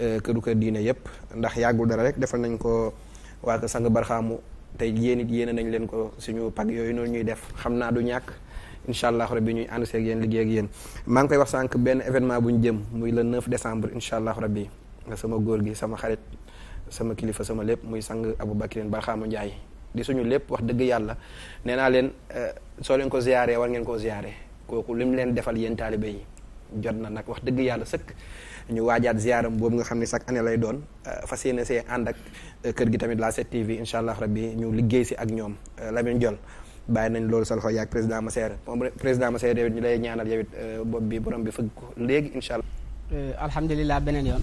euh, këru kër diine yépp ndax yàggul dara rek defal nañ ko waa kër sang barxaamu tey yéen it yéene nañ leen ko suñu pag yooyu noonu ñuy def xam naa du ñàkk incha allah rabi ñuy ànd seeg yéen liggéey ak yéen maa ngi koy wax sànq benn événement bu ñu jëm muy le 9 décembre incha allah rabi nga sama góor gi sama xarit sama kilifa sama lépp muy sang Aboubacrine Barxaama Ndiaye di suñu lépp wax dëgg yàlla nee naa leen euh, soo leen ko ziaree war ngeen koo ziaree. kooku lim leen defal yéen taalibe yi jot na nag wax dëgg yàlla sëkk ñu waajaat ziaram boobu nga xam ne chaque année lay doon euh, fas yéene see ànd ak euh, kër gi tamit la 7TV incha allah rabbi ñu liggéey si ak ñoom euh, lay ñaanal yow bopp bi borom bi fëgg ko léegi incha allah alhamdulilah beneen yoon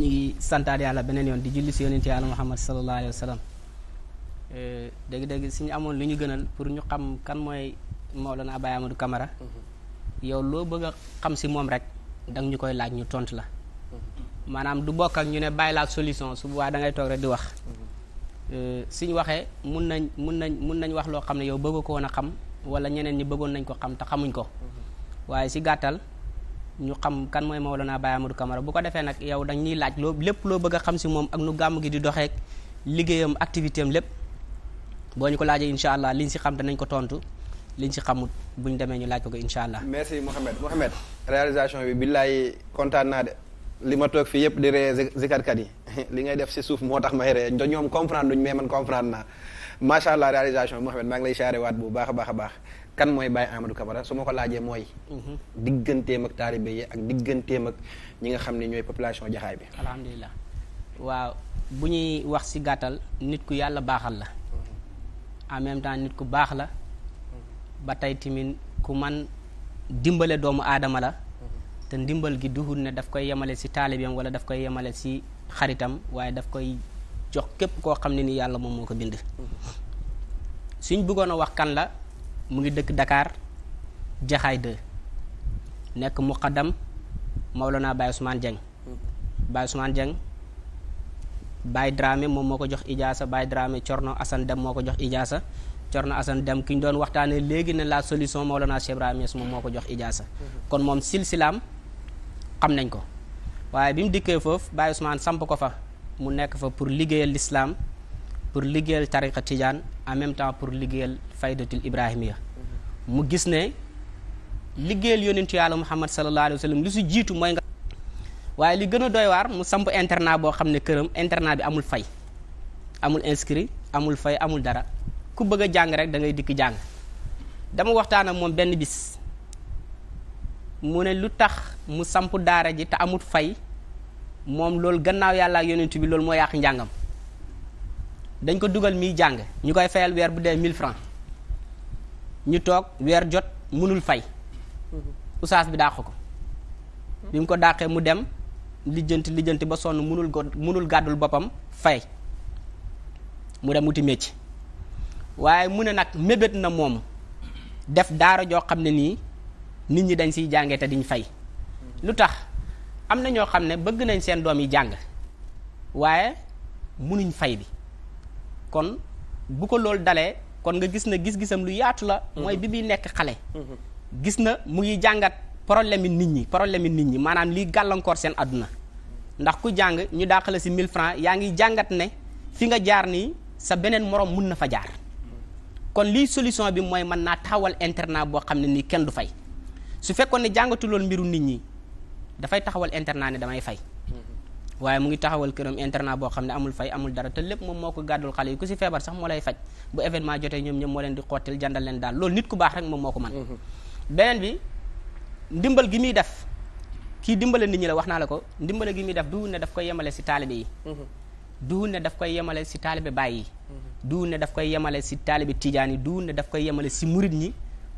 ñu santaat yàlla beneen yoon di julli si yonent yàlla Muhammad sallallahu alayhi wa sallam dégg-dégg suñu amoon lu ñu gënal pour ñu xam kan mooy naa Abaye Amadou Camara yow loo bëgg a xam si moom rek danga ñu koy laaj ñu tont la maanaam du bokk ak ñu ne bàyyi la solution su boobaa da ngay toog rek di wax euh, suñ waxee mun nañ mun nañ mun nañ wax loo xam ne yow bëgg ko a xam wala ñeneen ñi bëggoon nañ ko xam te xamuñ ko waaye si gàttal ñu xam kan mooy Mawlana Baye Amadou Camara bu ko defee nag yow dañ ñuy laaj loo lépp loo xam si moom ak nu gàmm gi di doxeek liggéeyam activité am lépp boo ñu ko laajee incha allah liñ si xam danañ ko tontu liñ ci xamut buñ demee ñu laaj ko ko incha allah. merci Mouhamed Mouhamed réalisation bi li ma toog fii yëpp di ree zikarkat yi li ngay def si suuf moo tax may ree ñoom comprendre duñ mais man comprendre naa macha allah réalisation bi moo maa ngi lay siyaare waat bu baax a baax a baax. kan mooy Baye Amadou Camara su ma ko laajee mooy. Mhm. digganteem ak taalibe yi ak digganteem ak ñi nga xam ni ñooy population jaxaay bi. alhamdulilah waaw bu ñuy wax ci gàttal nit ku yàlla baaxal la. Mhm. en même nit ku baax la ba tey timin ku man dimbale doomu aadama la te ndimbal gi duhul ne daf koy yemale si taalibeem wala daf koy yemale si xaritam waaye daf koy jox képp koo xam ne ni yàlla moom moo ko bind suñ buggoon a wax kan la mu ngi dëkk dakaar Jaxaay 2 nekk muqaddam Mawlana Baye Ousmane Dieng Baye Ousmane Dieng Baye Dramé moom moo ko jox ijaasa Baye Dramé Corno Assane Dem moo ko jox ijaasa Corna Assane Dem ki ñu doon waxtaanee léegi ne la solution Mawlana Cheikh Ibrahima Niass moom moo ko jox ijaasa kon moom silsilaam xam nañ ko waaye bi mu dikkee foofu Baye Ousmane samp ko fa mu nekk fa pour liggéeyal lislaam pour liggéeyal tariqa tijaan en même temps pour liggéeyal faydatul ibrahimiya mu gis ne liggéeyal yonentu yàlla Muhammad sallallahu alayhi wa sallam li jiitu mooy nga waaye li gën a doy mu samp internat boo xam ne këram internat bi amul fay amul inscrit amul fay amul dara ku bëgg a jàng rek dangay ngay dikk jàng dama waxtaan ak moom benn bis mu ne lu tax mu samp daara ji te amut fay moom loolu gannaaw yàlla ak yonent bi loolu moo yàq njàngam dañ ko dugal miy jàng ñu koy fayal weer bu dee 1000 francs ñu toog weer jot mënul fay usaas bi dàq ko bi mu ko dàqee mu dem lijjanti lijjanti ba sonn mënul go mënul gàddul boppam fay mu dem wuti métier waaye mu ne nag mébét na moom def daara joo xam ne nii nit ñi dañ siy jàngee te diñ fay lu tax am na ñoo xam ne bëgg nañ seen doom yi jàng waaye munuñ fay bi kon bu ko loolu dalee kon nga gis na gis-gisam lu yaatu la mhm. mooy bi muy nekk xale mhm. gis na mu ngi jàngat problème nit ñi problème yi nit ñi maanaam liy gàllankoor seen àdduna ndax ku jàng ñu dàqale si 1000 francs yaa ngi jàngat ne fi nga jaar nii sa beneen moroom mun na fa jaar kon lii solution bi mooy man naa taxawal internat boo xam ne nii kenn du fay su fekkoon ne jàngatuloon mbiru nit ñi dafay taxawal internat ne damay fay waaye mu ngi taxawal këram internat boo xam ne amul fay amul dara te lépp moom moo ko gàddul xale yi ku si feebar sax moo lay faj bu événement jotee ñoom ñoom moo leen di xottil jàndal leen daal loolu nit ku baax rek moom moo ko mën mm-hmm. beneen bi ndimbal gi muy def kii dimbale nit ñi la wax naa la ko ndimbale gi muy def du ne daf koy yemale si taalibe yi mm-hmm. duwul ne daf koy yemale si taalibe baay yi duwul ne daf koy yemale si taalibe tiijaan yi duwul ne daf koy yemale si murit ñi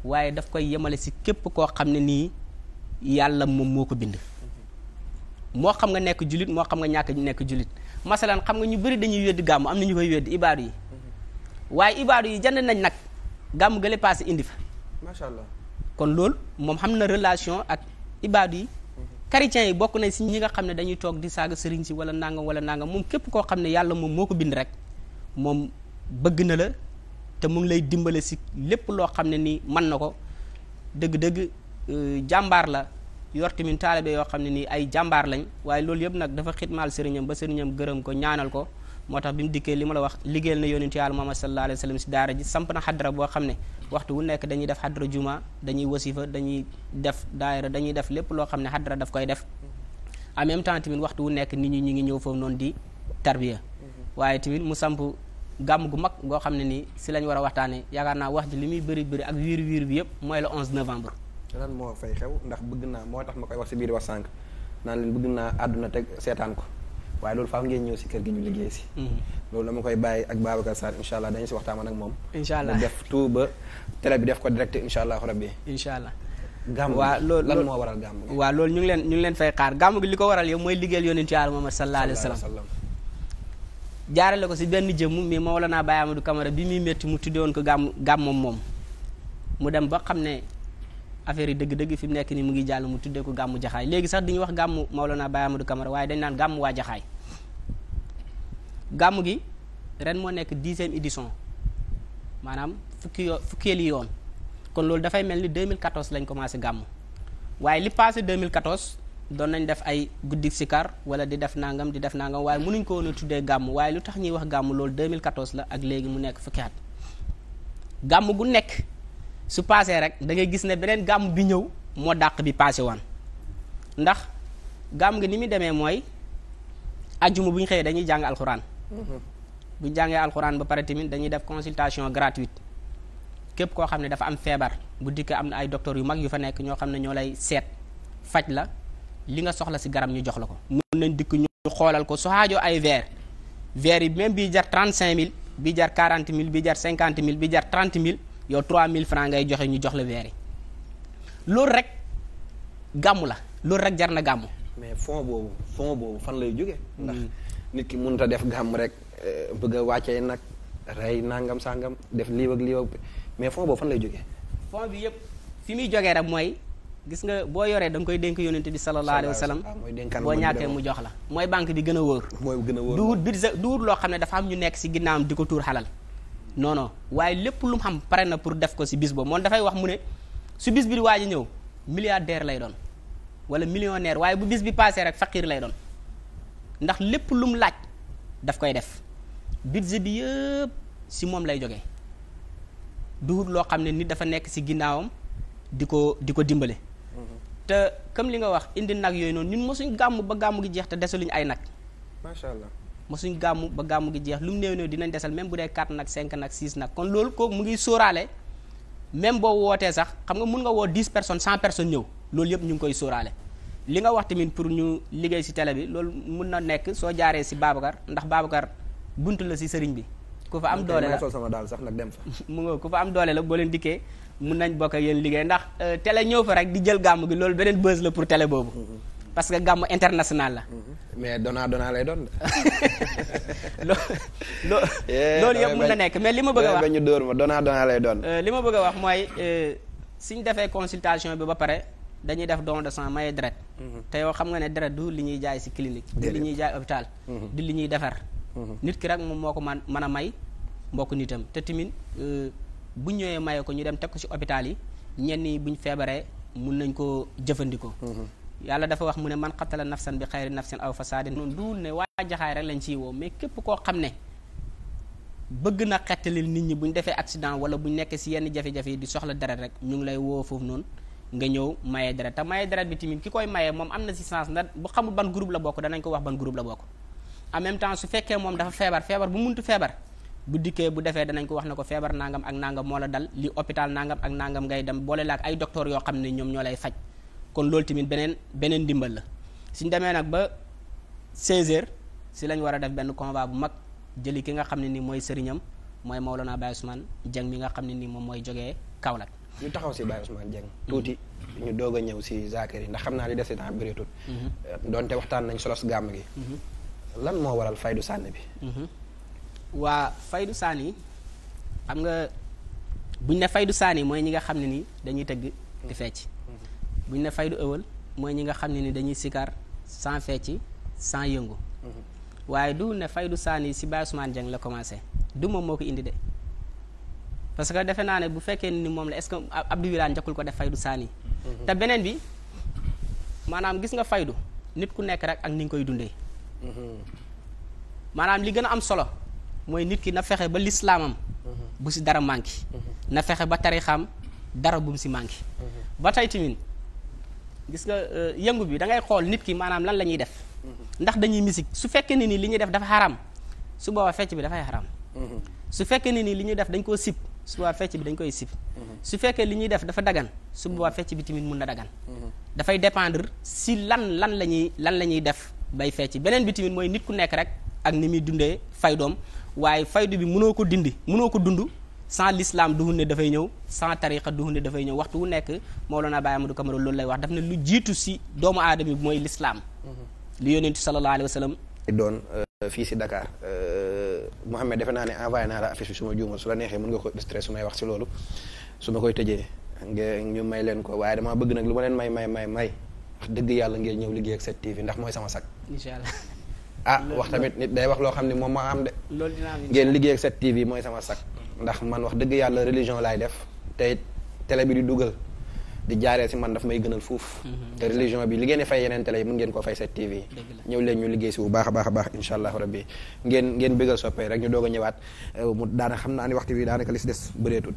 waaye daf koy yemale si képp koo xam ne nii yàlla moom moo ko bind moo xam nga nekk jullit moo xam nga ñàkk nekk jullit masalan xam nga ñu bëri dañuy weddi gàmm am na ñu koy weddi ibaadu yi waaye ibaadu yi jënd nañ nag gàmm gële paase indi fa macha allah kon loolu moom xam na relation ak ibaadu yi chrétiens yi bokk nañ si ñi nga xam ne dañuy toog di saaga sëriñ si wala nangam wala nangam moom képp koo xam ne yàlla moom moo ko bind rek moom bëgg na la te mu lay dimbale si lépp loo xam ne nii man na ko dëgg-dëgg euh, jàmbaar la yor tamit taalibe yoo xam ne nii ay jàmbaar lañ waaye loolu yëpp nag dafa xitmaal sëriñam ba sëriñam gërëm ko ñaanal ko moo tax bi mu dikkee li ma la wax liggéeyal na yonentu yàlla Muhammad sallallahu alayhi wa sallam si daara ji samp na xadra boo xam ne waxtu wu nekk dañuy def xadra juma dañuy wasifa dañuy def daayira dañuy def lépp loo xam ne xadra daf koy def en même temps tamit waxtu wu nekk nit ñi ñu ngi ñëw foofu noonu di tarbiya waaye tamit mu samp gàmm gu mag goo xam ne nii si lañ war a waxtaanee yaakaar naa wax ji li muy bëri bëri ak wiir wiir bi yëpp mooy le 11 novembre. lan moo fay xew ndax bëgg naa moo tax ma koy wax si biir wax sànq naan leen bëgg naa àdduna teg seetaan ko. waaye loolu faaw ngeen ñëw si kër gi ñu liggéey si. Mhm. loolu dama koy bàyyi ak Babacar Sarr incha allah dañu si waxtaan ak moom. incha allah def tout ba télé bi def ko direct incha allah rabbi. incha allah. gàmm waaw loolu lan moo waral gàmm gi. waaw loolu ñu ngi leen ñu ngi leen fay xaar gàmm gi li ko waral yow mooy liggéeyal yonent Yàlla Muhammad sallallahu sa wa sallam. jaarale ko si benn jëmm mais Mawlana Baye Amadou Camara bi muy métti mu tuddewoon ko gàmm gàmmam moom mu dem ba xam ne affaire yi dëgg-dëgg fi mu nekk ni mu ngi jàll mu tuddee ko gàmmu jaxaay léegi sax dañuy wax gàmmu Maolana Baye Amadou Camara waaye dañ naan gàmmu waa jaxaay gàmmu gi ren moo nekk dixième édition maanaam fukki yoo fukkeeli yoon kon loolu dafay mel ni 2014 lañ commencé gàmmu waaye li passé 2014 doon nañ def ay guddi sikar wala di def nangam di def nangam waaye mënuñ ko woon a tuddee gàmmu waaye lu tax ñuy wax gàmmu loolu 2014 la ak léegi mu nekk fukki at su paasee rek da ngay gis ne beneen gàmm bi ñëw moo dàq bi paase woon ndax gàmm nga ni muy demee mooy ajjuma bu ñu xëyee dañuy jàng alxuraan. bu jàngee alxuraan ba pare tamit dañuy def consultation gratuite képp koo xam ne dafa am feebar bu dikk am na ay docteur yu mag yu fa nekk ñoo xam ne ñoo lay seet faj la li nga soxla si garab ñu jox la ko. mën nañ dikk ñu xoolal ko su xaajoo ay verre verre yi même bii jar trente cinq mille bii jar quarante mille bii jar cinquante mille bii jar trente mille. yow mille francs ngay joxe ñu jox la verre loolu rek gàmmu la loolu rek jar na gàmmu. mais fond boobu fond boobu fan lay jóge hmm. ndax nit ki mënut ta def gàmm rek eh, bëgg a wàccee nag rey nangam sangam def lii ak lii ak mais fond boobu fan lay jógee. fond bi yëpp fi muy jógee rek mooy gis nga boo yoree da nga koy dénk yonent bi sallallahu alayhi wa sallam ah, boo ñàkkee mu jox la mooy banque bi gën a wóor. mooy gën a wóor du du wut loo xam ne dafa am ñu nekk si ginnaawam di ko tuur non waaye lépp lu xam pare na pour def ko si bis boobu moom dafay wax mu ne su bis bi di waaj a ñëw milliardaire lay doon wala millionnaire waaye bu bis bi paasee rek faqiir lay doon ndax lépp lu mu laaj daf koy def budget bi yëpp si moom lay jógee duhut loo xam ne nit dafa nekk si ginnaawam di ko di ko dimbale. Mm-hmm. te comme li nga wax indi nag yooyu noonu ñun mosuñ gàmm ba gàmm gi jeex te desaluñ ay nag. macha allah. mosuñ gàmmu ba gàmmu ngi jeex lu mu néew néew dinañ desal même bu dee 4 nag 5 nag 6 nag kon loolu kooku mu ngi sóoraale même boo wootee sax xam nga mun nga woo 10 personnes 100 personnes ñëw loolu yëpp ñu ngi koy sóoraale li nga wax tamit pour ñu liggéey si télé bi loolu mun na nekk soo jaaree si Babacar ndax Babacar bunt la si sëriñ bi ku fa am doole la sol sama daal sax dem fa mu nga ku am doole la boo leen dikkee mun nañ bokk ak yéen liggéey ndax euh, télé ñëw fa rek di jël gàmmu gi loolu beneen buzz pour télé boobu mm-hmm. parce que gàmmu international la. Mm-hmm. mais dona dona lay doon. loolu yëpp mën na nekk mais li ma bëgg a wax ñu dóor ma dona dona lay doon. Euh, li ma bëgg a wax mooy euh, suñ defee consultation bi ba pare dañuy def don de sang maye deret. Mm-hmm. te yow xam nga ne deret du li ñuy jaay ci clinique. du li ñuy jaay hôpital. Mm-hmm. du li ñuy defar. nit ki rek moom moo ko man mën a may mbokk nitam te tamit euh, bu ñëwee maye ko ñu dem teg ko ci hôpital yi ñenn ñi buñ feebaree mun nañ koo jëfandikoo. yàlla dafa wax mu ne man qatala nafsan bi xayri nafsin aw fasaadin noonu duul ne waa jaxaay rek lañ ciy woo mais képp koo xam ne bëgg na xettalil nit ñi bu ñu defee accident wala bu ñu nekkee si yenn jafe-jafe yi di soxla deret rek ñu ngi lay woo foofu noonu nga ñëw maye deret te maye deret bi tamit ki koy mayee moom am na si sens na bu xamul ban groupe la bokk danañ ko wax ban groupe la bokk en temps su fekkee moom dafa feebar feebar bu muntu feebar bu dikkee bu defee danañ ko wax ne ko feebar nangam nangam moo dal li hôpital nangam ak nangam ngay dem boole ay docteur yoo xam ne ñoom ñoo lay faj kon loolu tamit beneen beneen ndimbal la suñ demee nag ba 16h si lañ war a def benn convoi bu mag jëli ki nga xam ne ni mooy sëriñam mooy Maolana Baye Ousmane Dieng mi nga xam ne ni moom mooy jógee Kaolack. ñu taxaw si Baye Ousmane Dieng. Mm-hmm. ñu doog a ñëw si Zakari ndax xam naa li des si temps bëreetul. Mm-hmm. Euh, donte waxtaan nañ solos gàmm gi. Mm-hmm. lan moo waral Faydu Sane bi. waa Faydu Sane yi xam nga buñ ne Faydu Sane yi mooy ñi nga xam ne ni dañuy tëgg di fecc. bu ñu ne faydu ëwal mooy ñi nga xam ne ni dañuy sikar sans fecci sans yëngu mhm. waaye du ne faydu saani si Baye Ousmane Dieng la commencé du moom moo ko indi de parce que defe naa ne bu fekkee ni moom la est-ce que Abdou Wilane njëkkul ko def faydu saani mhm. te beneen bi maanaam gis nga faydu nit ku nekk rek ak ni koy dundee mhm. maanaam li gën a am solo mooy nit ki na fexe ba lislaamam bu si dara manqué na fexe ba tarixam dara bu si manqué ba tey tamit gis nga euh, yëngu bi da ngay xool nit ki maanaam lan la ñuy def ndax dañuy misik su fekkee ne ni li ñuy def dafa xaram su boobaa fecc bi dafay xaram su fekkee ne ni li ñuy def dañ koo sib su boobaa fecc bi dañ koy sib su fekkee li ñuy def dafa dagan su boobaa fecc bi tamit mun na dagan dafay dépendre si lan lan la ñuy lan la ñuy def bay fecc beneen bi mooy nit ku nekk rek ak ni muy dundee faydoom waaye faydu bi mënoo ko dindi mënoo ko dund sans l'islam duhun ne dafay ñëw sans tariqa ne dafay ñëw waxtu wu nekk Mawlana Baye Amadou Camara loolu lay wax daf ne lu jiitu si doomu aadama bi mooy l'islam mhm. li yonent sallallahu alayhi wa sallam doon euh, fii si Dakar euh, Mouhamed defe naa ne envoyé naa la affiche bi su ma su la neexee mën nga ko illustré su may wax si loolu ma koy tëjee nga ñu may leen ko waaye damaa bëgg nag lu ma leen may may may may wax yàlla ngeen ñëw liggéey ak 7 ndax mooy sama sag incha allah ah wax tamit nit day wax loo xam ne moom ma am de ngeen liggéey ak 7TV mooy sama sag ndax man wax dëgg yàlla religion lay def tey télé bi di dugal di jaaree si man daf may gënal fuuf. Mhm. religion bi li ngeen di fay yeneen télé yi mën ngeen ko fay set TV. ñëw leen ñu liggéey si bu baax a baax a baax incha allah rabbi ngeen ngeen bëggal soppee rek ñu doog a ñëwaat euh, mu daana xam naa ni waxtu bi daanaka li si des bëreetut.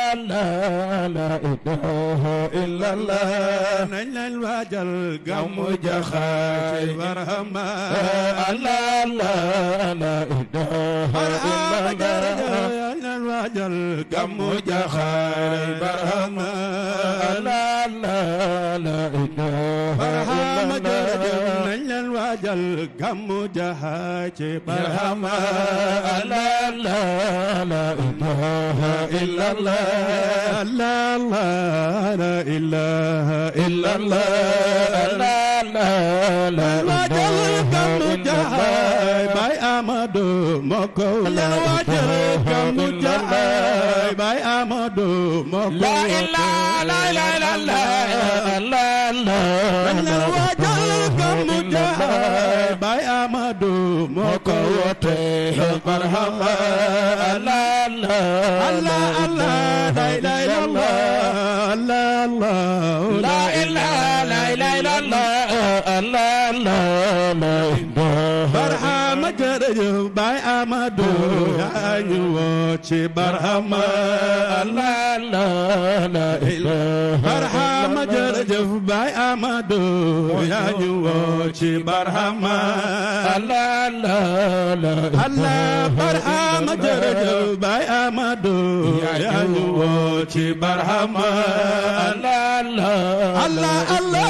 لا لا إله إلا الله نجل الوجل قم جخاي برهما لا لا لا إله إلا الله نجل الوجل قم جخاي برهما لا لا لا إله waajal gàmmu jaxace barhama la la la ilaha illa allah la la la ilaha illa allah la la la waajal gàmmu jaxay bay amadu moko la waajal gàmmu jaxay bay amadu moko la ilaha illa allah la la la Baay Amadou moo ko woote la ilaha illallah la Allah Allah Amadu yaa ñu woo ci barhama la la ilaha barhama jërëjëf Baay Amadu yaa ñu woo ci barhama la la la barhama jërëjëf Baay Amadu yaa ñu woo ci barhama la la la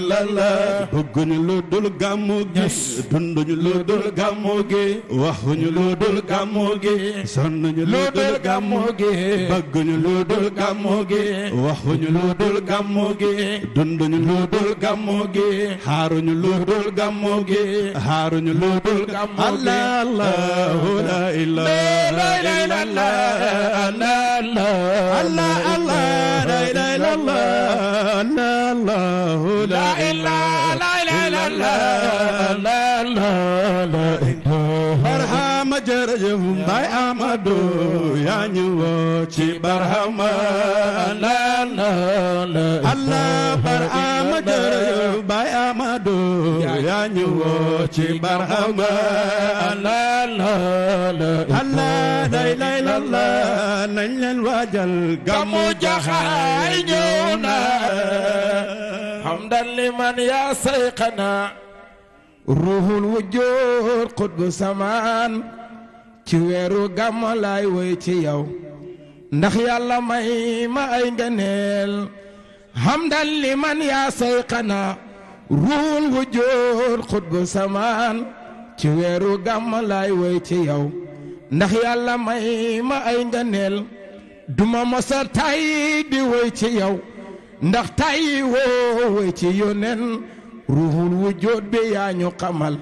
yàlla bëgguñu lu dul gàmmu gi dunduñu lu dul gàmmu gi waxuñu lu dul gàmmu gi sonnuñu lu dul gàmmu gi bëgguñu lu dul gàmmu gi waxuñu lu dul gàmmu gi dunduñu lu dul gàmmu gi xaaruñu lu dul gàmmu gi xaaruñu lu dul gàmmu gi allah allah la ilaha illa allah allah allah la ilaha illa allah إلا لا لا لا برهام جرجم باي أمدو يا نيوتي برهام لا لا لا الله برهام جرجم باي أمدو يا نيوتي برهام لا لا لا الله لا لا لا لا نجل وجل قمو جخاي نيونا حمدا لمن يا سيقنا ci weeru gàmm laay woy ci yow ndax yàlla may ma ay ngëneel hamdan li man yaa sayqana ruul wujoor xutbu samaan ci weeru gàmm laay woy ci yow ndax yàlla may ma ay ngëneel duma mosa tay di woy ci yow ndax tay woowe ci yonen ruuxul wujjoot bi yaa ñu xamal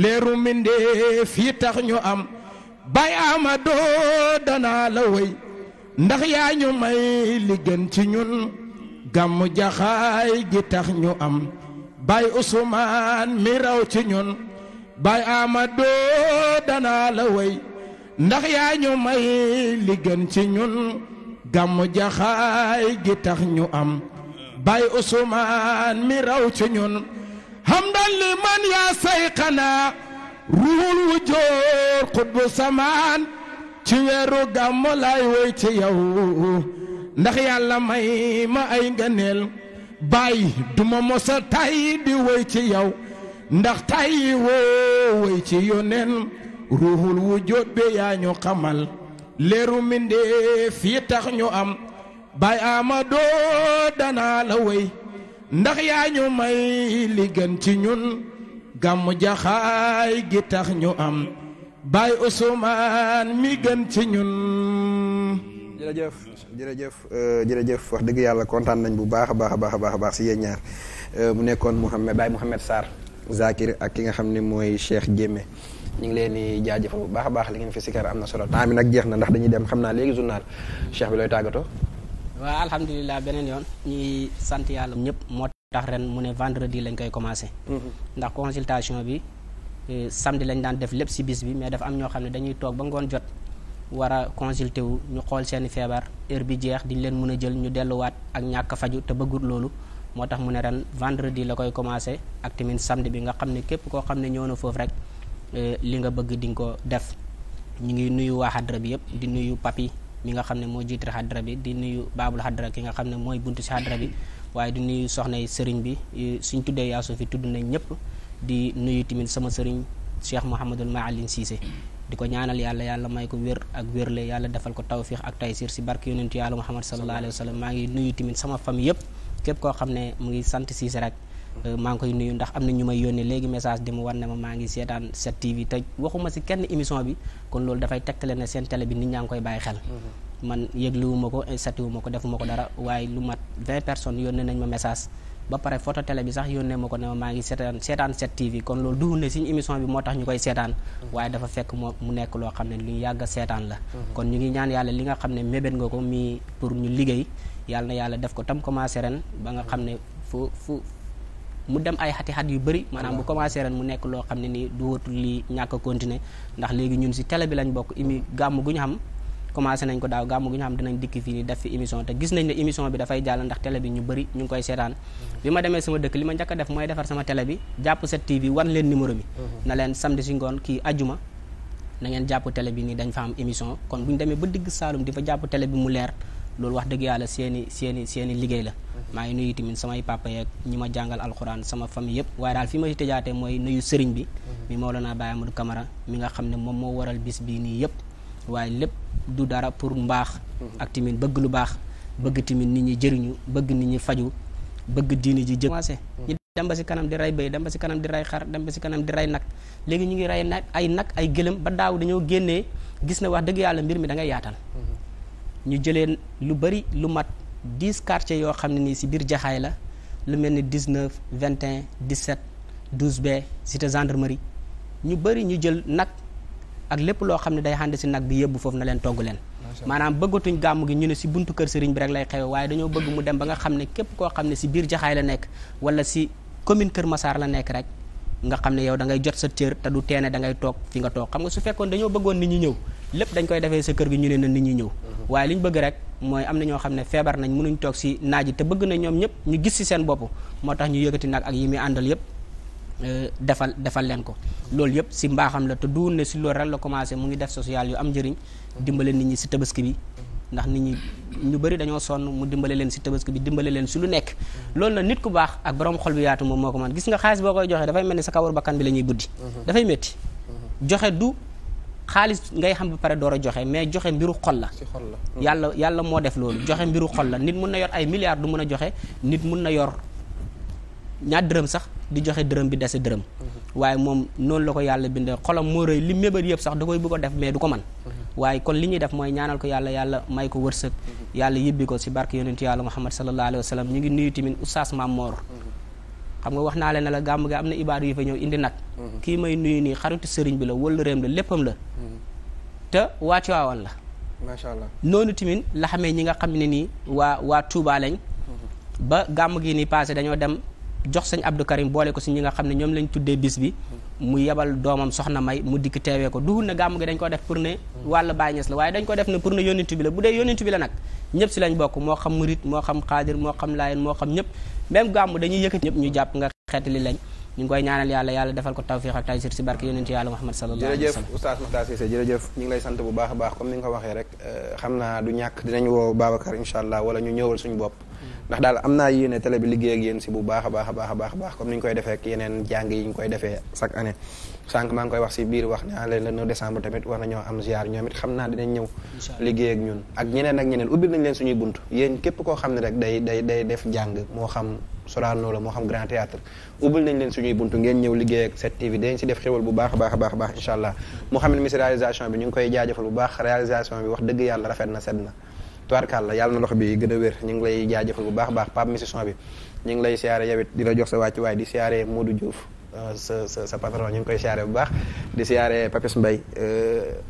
leeru mbindéef yi tax ñu am bay amadoo danaa la woy ndax yaa ñu may li ci ñun gàmm jaxaay gi tax ñu am bay Usmaan mi raw ci ñun bay amadoo danaa la woy ndax yaa ñu may li ci ñun gàmmu jaxaay gi tax ñu am bay Usmaan mi raw ci ñun hamdan li man yaa sayxana ruhul wujoor xutbu samaan ci weeru gàmmu laay woy ci yow ndax yàlla may ma ay ngëneel bay duma mosa tay di woy ci yow ndax tay woo woy ci yónneen ruhul wujoor be yaa ñu xamal leeru mbindéef yi tax ñu am baay amadoo danaa la wéy ndax yaa ñu may li gën ci ñun gàmmu jaxaay gi tax ñu am bay Ousmane mi gën ci ñun jërëjëf jërëjëf euh, jërëjëf wax dëgg yàlla kontaan nañ bu baax a baax a baax baax a baax si yéen ñaar euh, mu nekkoon Mouhamed Baye Mouhamed Sarr Zakir ak ki nga xam ni mooy Cheikh Jémé ñu ngi leen di jaajëfal bu baax a baax li ngeen fi sikar am na solo temps bi jeex na ndax dañuy dem xam naa léegi journal cheikh bi looy tàggatoo. waa alhamdulilah beneen yoon ñuy sant yàlla ñëpp moo tax ren mu ne vendredi lañ koy commencé. Mhm. ndax consultation bi eh, samedi lañ daan def lépp si bis bi mais def am ñoo xam ne dañuy toog ba ngoon jot. war a consulter wu ñu xool seeni feebar heure bi jeex diñ leen mun a jël ñu delluwaat ak ñàkk faju te bëggul loolu moo tax mu ne ren vendredi la koy commencé ak tamit bi nga xam ne képp koo xam ne ñëw na foofu rek Euh, li nga bëgg di ko def ñu ngi nuyu waa xadra bi yëpp di nuyu papi mi nga xam ne moo jiital xadra bi di nuyu baabul xadra ki nga xam ne mooy bunt si xadra bi waaye di nuyu soxna sëriñ bi suñ tuddee yaasu fi tudd nañ ñëpp di nuyu tamit sama sëriñ cheikh mouhamadul maalin siise di ko ñaanal yàlla yàlla may ko wér ak wérle yàlla defal ko tawfiix ak taysir si barke yonentu yàlla muhammad sallallahu alayhi wa maa ngi nuyu tamit sama famille yëpp képp koo xam rek Euh, maa ngi koy nuyu ndax am na ñu may yónnee léegi message di mu war ne ma maa ngi seetaan 7TV te waxuma si kenn émission bi kon loolu dafay tegtale ne seen télé bi nit ñaa ngi koy bàyyi xel. Mm-hmm. man yëgliwuma ko eh, satiwuma ko defuma ko dara waaye lu mat 20 personnes yónnee nañ ma message. ba pare photo télé bi sax yónnee ma ko ne ma maa ngi seetaan seetaan tv kon loolu duhul ne suñu émission bi moo tax ñu koy seetaan mm-hmm. waaye dafa fekk mu nekk loo xam a mu dem ay xati xat yu bëri maanaam bu commencé ren mu nekk loo xam ne nii du wóotul lii ñàkk a continuer ndax léegi ñun si télé bi lañ bokk imi gàmm gu ñu xam commencé nañ ko daaw gàmm gu ñu xam dinañ dikk fii nii def fi émission te gis nañ ne émission bi dafay jàll ndax télé bi ñu bëri ñu ngi koy seetaan bi ma demee sama dëkk li ma njëkk a def mooy defar sama télé bi jàpp 7TV wan leen numéro bi mhm. na leen samedi si ngoon kii ajuma na ngeen jàpp télé bi nii dañ fa am émission kon bu ñu demee ba digg Saalum di fa jàpp télé mu leer loolu wax dëgg yàlla seeni seeni seeni liggéey la maa ngi nuyu tamit samay papa yeeg ñi ma jàngal alxuraan sama famille yëpp waaye daal fi ma si tëjaatee mooy nuyu sëriñ bi mhm. mi Mawlana Baye Amadou Camara mi nga xam ne moom moo waral bis bii nii yëpp waaye lépp du dara pour mbaax mhm. ak tamit bëgg lu baax bëgg tamit nit ñi jëriñu bëgg nit ñi faju bëgg diini ji jëmaase ñi dem ba si kanam di rey béy dem ba si kanam di rey xar dem ba si kanam di rey nag léegi ñu ngi rey nag ay nag ay gëlëm ba daaw dañoo génnee gis na wax dëgg yàlla mbir mi da ngay yaatal mhm. dix quartiers yoo xam ne nii si biir jaxaay la lu mel ni dix neuf vingt et un dix sept douze te cité gendarmerie ñu bëri ñu jël nag ak lépp loo xam ne day xànd si nag bi yëbbu foofu na leen togg leen. maanaam bëggatuñ gàmm gi ñu ne si buntu kër sëriñ bi rek lay xewe waaye dañoo bëgg mu dem ba nga xam ne képp koo xam ne si biir jaxaay la nekk wala si commune Kër Massar la nekk rek nga xam ne yow da ngay jot sa cër te du teene da ngay toog fi nga toog xam nga su fekkoon dañoo bëggoon nit ñi ñëw lépp dañ koy defee sa kër gi ñu ne na nit ñi ñëw waaye li ñu bëgg rek mooy am na ñoo xam ne feebar nañ mënuñ toog si naaj te bëgg na ñoom ñëpp ñu gis si seen bopp moo tax ñu yëkkati nag ak yi muy àndal yëpp euh, defal defal leen ko loolu yëpp si mbaaxam la te duun ne si loolu rek la commencé mu ngi def social yu am njëriñ dimbale nit ñi si tabaski bi ndax nit ñi ñu bëri dañoo sonn mu dimbale leen si tabaski bi dimbale leen si lu nekk loolu na nit ku baax ak borom xol bi yaatu moom moo ko man gis nga xaalis boo koy joxee dafay mel ni sa kawar bakkan bi la ñuy buddi dafay métti joxe du xaalis ngay xam ba pare door a joxe mais joxe mbiru xol la mm. yàlla yàlla moo def loolu joxe mbiru xol la nit mun na yor ay milliards du mën a joxe nit mun na yor ñaar dërëm sax di joxe dërëm bi dese dërëm mm-hmm. waaye moom noonu la ko yàlla bindee xolam moo rëy li mébat yëpp sax da koy bëgg a def mais du ko man mm-hmm. waaye kon li ñuy def mooy ñaanal ko yàlla yàlla may ko wërsëg mm-hmm. yàlla yibbi ko si barke yonentu yàlla Muhammad sallallahu alayhi wa sallam ñu ngi nuyu tamit Oustaz Mamor xam nga wax naa leen ne la gàmm gi am na ibaar yu fa ñëw indi nag mhm. kii may nuyu nii xaritu sëriñ bi la wëllu réem la léppam la mhm. te waa Tiwaawan la macha allah noonu tamit la xamee ñi nga xam ne nii waa waa Touba lañ mhm. ba gàmm gi nii passé dañoo dem jox sëñ Abdou Karim boole ko si ñi nga xam ne ñoom lañ tuddee bis bi mu yebal doomam soxna may mu dikk teewee ko duhul na gàmm gi dañ ko def pour ne wàll Baay Ñas la waaye dañ ko def ne pour ne yonent bi la bu dee yonent bi la nag ñëpp si lañ bokk moo xam murit moo xam xaadir moo xam laayen moo xam ñëpp même gàmm dañuy yëkkati ñëpp ñu jàpp nga li lañ ñu koy ñaanal yàlla yàlla defal ko tawfiq ak taysir si barke yonent yàlla Muhammad sallallahu alayhi wa sallam jërëjëf oustaz Makhtar Cissé jërëjëf ñu ngi lay sant bu baax a baax comme ni nga waxee rek euh, xam naa du ñàkk dinañ woo Babacar insha allah wala ñu ñëwal suñu bopp mm. ndax daal am naa yéene télé bi liggéey ak yéen si bu baax a baax a baax a baax comme koy defee yeneen jàng yi koy defee chaque année sànq maa ngi koy wax si biir wax naa ah, leen le 9 décembre tamit war nañoo am ziar ñoom it xam naa dinañ ñëw liggéey ak ñun ak ñeneen ak ñeneen ubbil nañ leen suñuy bunt yéen képp koo xam ne rek day day day def jàng moo xam Sorano la moo xam Grand Théâtre ubbil nañ leen suñuy bunt ngeen ñëw liggéey ak 7TV dañ si def xéwal bu baax a baax a baax a baax incha allah mu xam ne réalisation bi ñu ngi koy jaajëfal bu baax réalisation bi wax dëgg yàlla rafet na set na tubaarkàlla yàlla na loxo bi gën a wér ñu ngi lay jaajëfal bu baax a baax ñu ngi lay siyaare yow it la jox wàcc waaye di siyaare Modou Diouf Euh, sa sa sa patron ñu ngi koy siyaare bu baax di siyaare Papis Mbaye euh,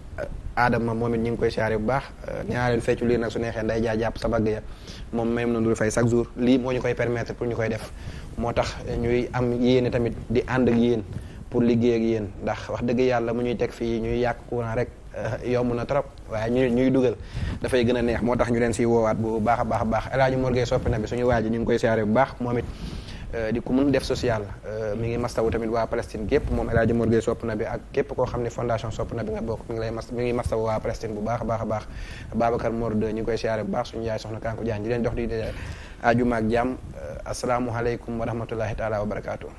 Adama moom it ñu ngi koy siyaare bu baax euh, ñaareel feccu lii nag su neexee nday jaa jàpp sa bagg moom même na dul fay chaque jour lii moo ñu koy permettre pour ñu koy def moo tax ñuy am yéene tamit di ànd ak yéen pour liggéey ak yéen ndax wax dëgg yàlla mu ñuy teg fii ñuy yàq courant rek yomb na trop waaye ñuy ñuy dugal dafay gën a neex moo tax ñu leen siy woowaat bu baax a baax a baax El Hadj Mor na bi suñu waa ji ñu ngi koy siyaare bu baax moomit Euh, di ku mën def social euh, mi ngi mastawu tamit waa Palestine gépp moom El Hadj Mor Gueye sopp na bi ak képp koo xam ne fondation sopp na bi nga bokk mi ngi lay waa Palestine bu baax a baax a baax Babacar Mor de ñu koy siyaare bu baax suñu yaay soxna Kanku Jaan di dox di ajuma ak jàmm euh, asalaamualeykum wa rahmatullahi taala wa barakaatu.